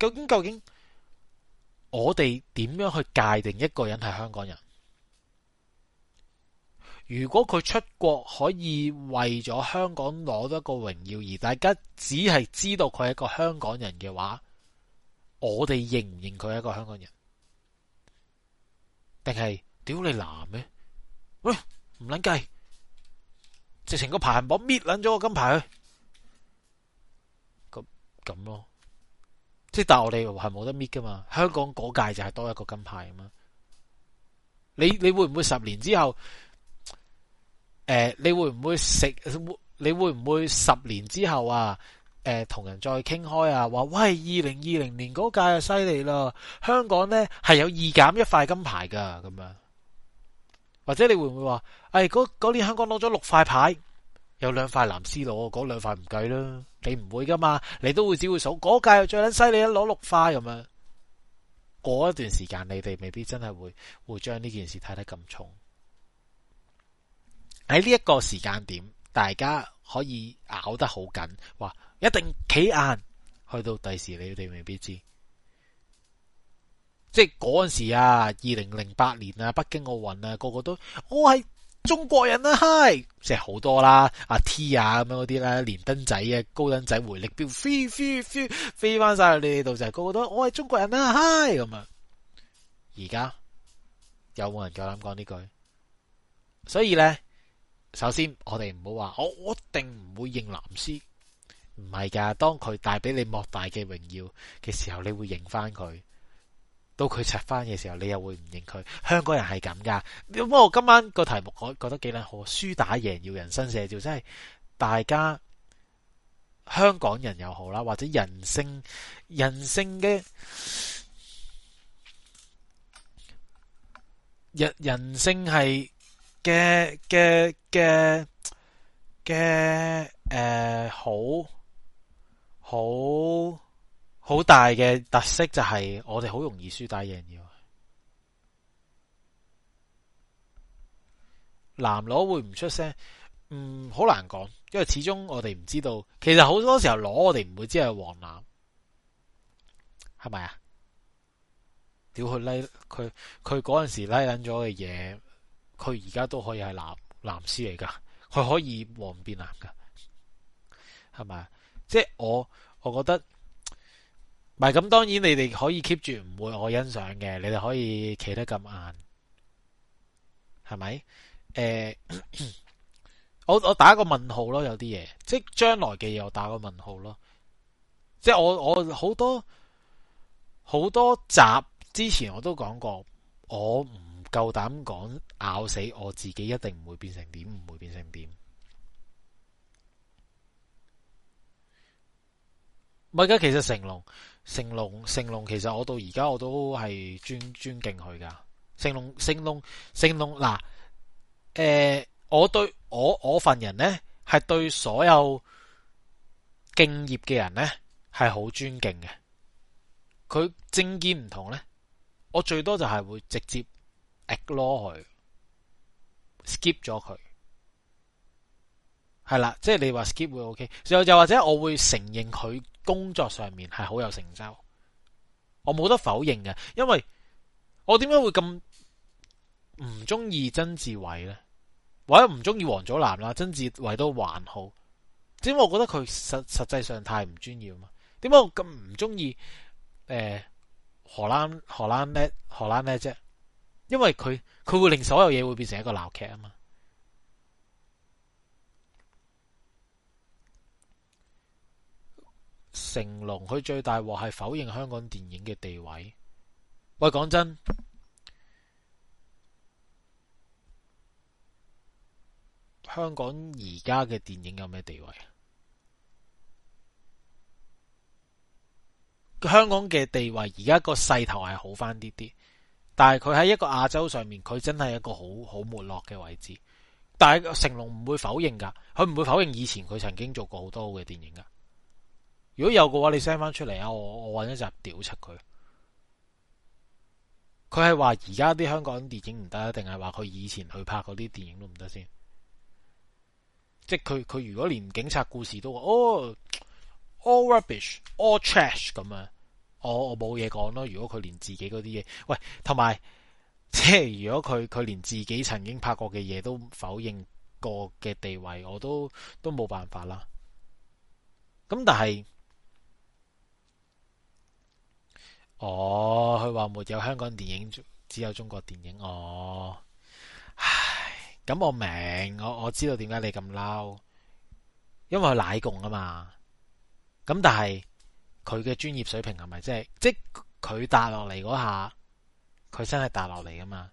究竟究竟我哋點樣去界定一個人係香港人？如果佢出國可以為咗香港攞到一個榮耀，而大家只係知道佢係一個香港人嘅話，我哋認唔認佢係一個香港人？定係屌你男咩、啊？喂、哎，唔撚計，直情個排行榜搣撚咗個金牌去，咁咁咯。即係但我哋係冇得搣噶嘛。香港嗰屆就係多一個金牌啊嘛。你你會唔會十年之後？誒、呃，你會唔會食？呃、你會唔會十年之後啊？誒、呃，同人再傾開啊？話喂，二零二零年嗰屆就犀利啦，香港呢係有二減一塊金牌噶咁樣。或者你會唔會話？誒、哎，嗰年香港攞咗六塊牌，有兩塊藍絲攞，嗰兩塊唔計啦。你唔會噶嘛？你都會只會數嗰屆最捻犀利，一攞六塊咁樣。過一段時間，你哋未必真係會會將呢件事睇得咁重。喺呢一個時間點，大家可以咬得好緊，哇！一定企硬，去到第時，你哋未必知，即係嗰陣時啊，二零零八年啊，北京奧運啊，個個都我係中國人啊，嗨！即係好多啦，阿、啊、T 啊咁樣嗰啲啦，連登仔啊，高登仔回，回力鏢飛飛飛翻晒去你哋度，就係個個都我係中國人啊，嗨！咁啊，而家有冇人夠膽講呢句？所以咧。首先，我哋唔好話我一定唔會認藍絲，唔係噶。當佢帶俾你莫大嘅榮耀嘅時候，你會認翻佢；到佢拆翻嘅時候，你又會唔認佢。香港人係咁噶。咁我今晚個題目，我覺得幾靚，好輸打贏要人生寫照。即係大家香港人又好啦，或者人性，人性嘅人人性係。嘅嘅嘅嘅誒，好好好大嘅特色就係我哋好容易輸打贏要藍攞會唔出聲？嗯，好難講，因為始終我哋唔知道。其實好多時候攞我哋唔會知係黃藍，係咪啊？屌佢拉，佢佢嗰陣時拉捻咗嘅嘢。佢而家都可以係藍藍絲嚟噶，佢可以黃變藍噶，係咪？即係我，我覺得，唔係咁。噉當然，你哋可以 keep 住唔會我欣賞嘅，你哋可以企得咁硬，係咪？誒、欸， <coughs> 我我打個問號咯，有啲嘢，即係將來嘅嘢，我打個問號咯。即係我我好多好多集之前我都講過，我唔。夠膽講咬死我自己，一定唔會變成點，唔會變成點。唔係噶，其實成龍、成龍、成龍，其實我到而家我都係尊尊敬佢噶。成龍、成龍、成龍嗱，誒、呃，我對我我份人呢，係對所有敬業嘅人呢，係好尊敬嘅。佢政見唔同呢，我最多就係會直接。食咯佢，skip 咗佢，係啦，即係你話 skip 會 OK，又又或者我會承認佢工作上面係好有成就，我冇得否認嘅，因為我點解會咁唔中意曾志偉咧？或者唔中意王祖藍啦，曾志偉都還好，只因為我覺得佢實實際上太唔專業啊嘛。點解我咁唔中意誒荷蘭荷蘭叻荷蘭叻啫？因為佢佢會令所有嘢會變成一個鬧劇啊嘛！成龍佢最大鑊係否認香港電影嘅地位。喂，講真，香港而家嘅電影有咩地位啊？香港嘅地位而家個勢頭係好翻啲啲。但係佢喺一個亞洲上面，佢真係一個好好沒落嘅位置。但係成龍唔會否認噶，佢唔會否認以前佢曾經做過好多好嘅電影噶。如果有嘅話，你 send 翻出嚟啊！我我揾一集屌柒佢。佢係話而家啲香港電影唔得，定係話佢以前去拍嗰啲電影都唔得先？即係佢佢如果連警察故事都話哦，oh，all rubbish，all trash 咁啊！我我冇嘢講咯，如果佢連自己嗰啲嘢，喂，同埋即係如果佢佢連自己曾經拍過嘅嘢都否認過嘅地位，我都都冇辦法啦。咁但係，哦，佢話沒有香港電影，只有中國電影。哦。唉，咁我明，我我知道點解你咁嬲，因為佢奶共啊嘛。咁但係。佢嘅專業水平係咪即係即係佢彈落嚟嗰下，佢真係彈落嚟㗎嘛？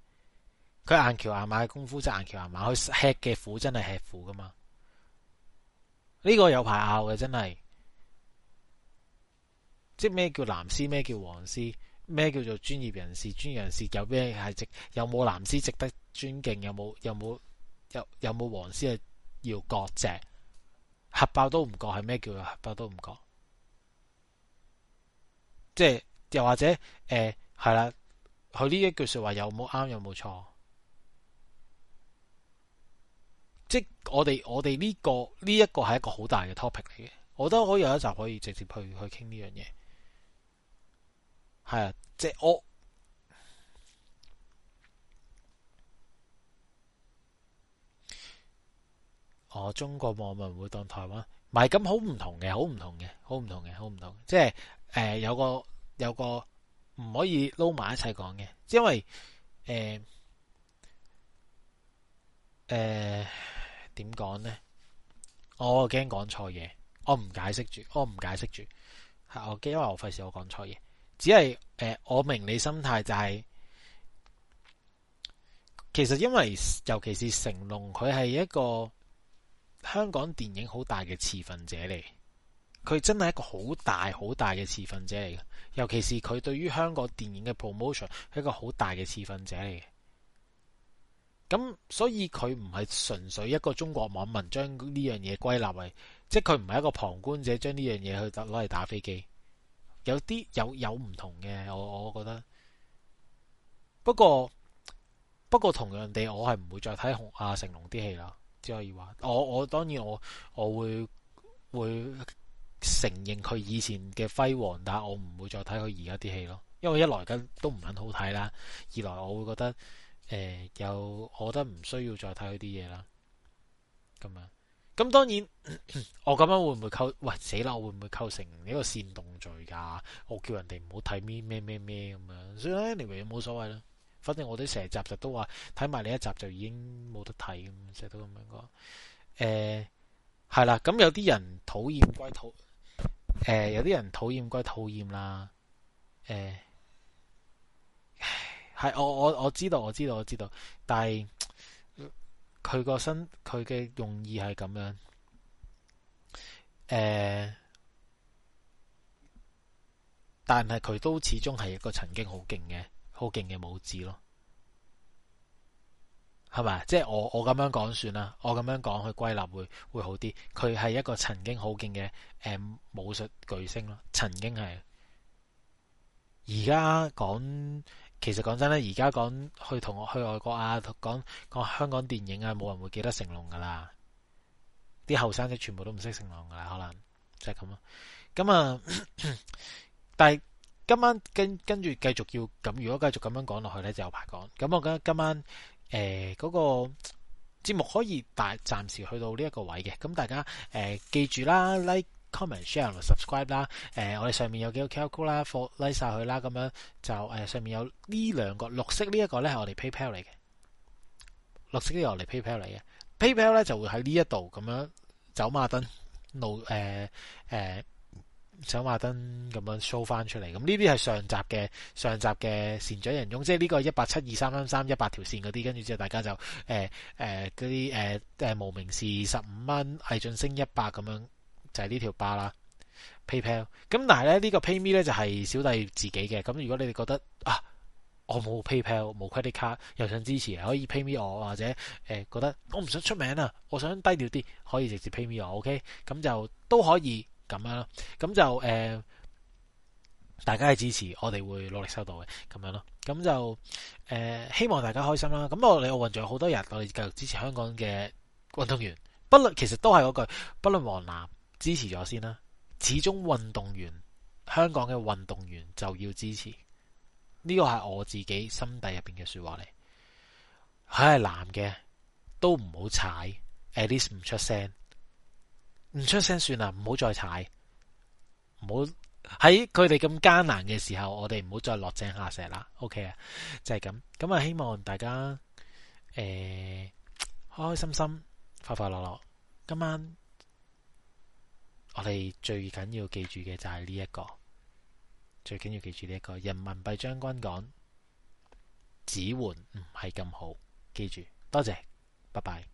佢硬橋硬馬嘅功夫即係硬橋硬馬，佢吃嘅苦真係吃苦㗎嘛？呢、這個有排拗嘅真係，即係咩叫藍絲？咩叫黃絲？咩叫做專業人士？專業人士有咩係值？有冇藍絲值得尊敬？有冇有冇有有冇黃絲？係要割席？核爆都唔割，係咩叫核爆都唔割？即係又或者誒係啦，佢呢一句說話有冇啱有冇錯？即我哋我哋呢、呢個呢、這個、一個係一個好大嘅 topic 嚟嘅，我都可以有一集可以直接去去傾呢樣嘢。係即係我我中國網民會當台灣唔係咁好唔同嘅，好唔同嘅，好唔同嘅，好唔同，同。即係誒、呃、有個。有個唔可以撈埋一齊講嘅，因為誒誒點講呢？我驚講錯嘢，我唔解釋住，我唔解釋住，係我驚，因為我費事我講錯嘢。只係誒、呃，我明你心態就係、是，其實因為尤其是成龍，佢係一個香港電影好大嘅持份者嚟。佢真係一個好大、好大嘅持份者嚟嘅，尤其是佢對於香港電影嘅 promotion 係一個好大嘅持份者嚟嘅。咁所以佢唔係純粹一個中國網民將呢樣嘢歸納為，即係佢唔係一個旁觀者將呢樣嘢去攞嚟打飛機。有啲有有唔同嘅，我我覺得。不過不過，同樣地，我係唔會再睇洪啊成龍啲戲啦。只可以話，我我當然我我會會。承認佢以前嘅輝煌，但係我唔會再睇佢而家啲戲咯。因為一來咁都唔肯好睇啦，二來我會覺得誒、呃、有，我覺得唔需要再睇佢啲嘢啦。咁樣，咁當然呵呵我咁樣會唔會構喂死啦？我會唔會構成呢個煽動罪噶？我叫人哋唔好睇咩咩咩咩咁樣，所以咧認為冇所謂啦。反正我哋成集就都話睇埋你一集就已經冇得睇咁，成日都咁樣講。誒係啦，咁有啲人討厭歸討誒、呃，有啲人討厭歸討厭啦，誒、呃，係我我我知道我知道我知道，但係佢個身佢嘅用意係咁樣，誒、呃，但係佢都始終係一個曾經好勁嘅好勁嘅舞者咯。係咪？即係我我咁樣講算啦。我咁樣講佢歸納會會好啲。佢係一個曾經好勁嘅誒武術巨星咯。曾經係而家講，其實講真咧，而家講去同去外國啊，講講香港電影啊，冇人會記得成龍噶啦。啲後生仔全部都唔識成龍噶啦，可能就係咁咯。咁啊，咳咳但係今晚跟跟住繼續要咁。如果繼續咁樣講落去咧，就有排講咁。咁我覺得今晚。誒嗰、那個節目可以大暫時去到呢一個位嘅，咁大家、呃、記住啦，like、comment、share 同 subscribe 啦，我、呃、哋上面有幾個 calcula for like 晒佢啦。咁樣就、呃、上面有呢兩個綠色呢一個咧係我哋 PayPal 嚟嘅，綠色呢個又係我哋 PayPal 嚟嘅，PayPal 咧就會喺呢一度咁樣走馬燈路、呃呃想話登咁樣 show 翻出嚟，咁呢啲係上集嘅上集嘅善長仁翁，即係呢個一八七二三三三一百條線嗰啲，跟住之後大家就誒誒嗰啲誒誒無名氏十五蚊，魏晉升一百咁樣就係、是、呢條巴啦 PayPal。咁但係咧呢個 PayMe 咧就係小弟自己嘅。咁如果你哋覺得啊，我冇 PayPal 冇 credit card 又想支持，可以 PayMe 我或者誒、呃、覺得我唔想出名啊，我想低調啲，可以直接 PayMe 我 OK，咁就都可以。咁樣咯，咁就誒、呃，大家嘅支持，我哋會努力收到嘅，咁樣咯，咁就誒、呃，希望大家開心啦。咁我哋奧運仲有好多日，我哋繼續支持香港嘅運動員，不論其實都係嗰句，不論黃藍，支持咗先啦。始終運動員，香港嘅運動員就要支持。呢、這個係我自己心底入邊嘅說話嚟。佢係藍嘅都唔好踩，at least 唔出聲。唔出聲算啦，唔好再踩，唔好喺佢哋咁艱難嘅時候，我哋唔好再落井下石啦。OK 啊，就係咁，咁啊希望大家誒、呃、開開心心、快快樂樂。今晚我哋最緊要記住嘅就係呢一個，最緊要記住呢、這、一個。人民幣將軍講，指換唔係咁好，記住。多謝，拜拜。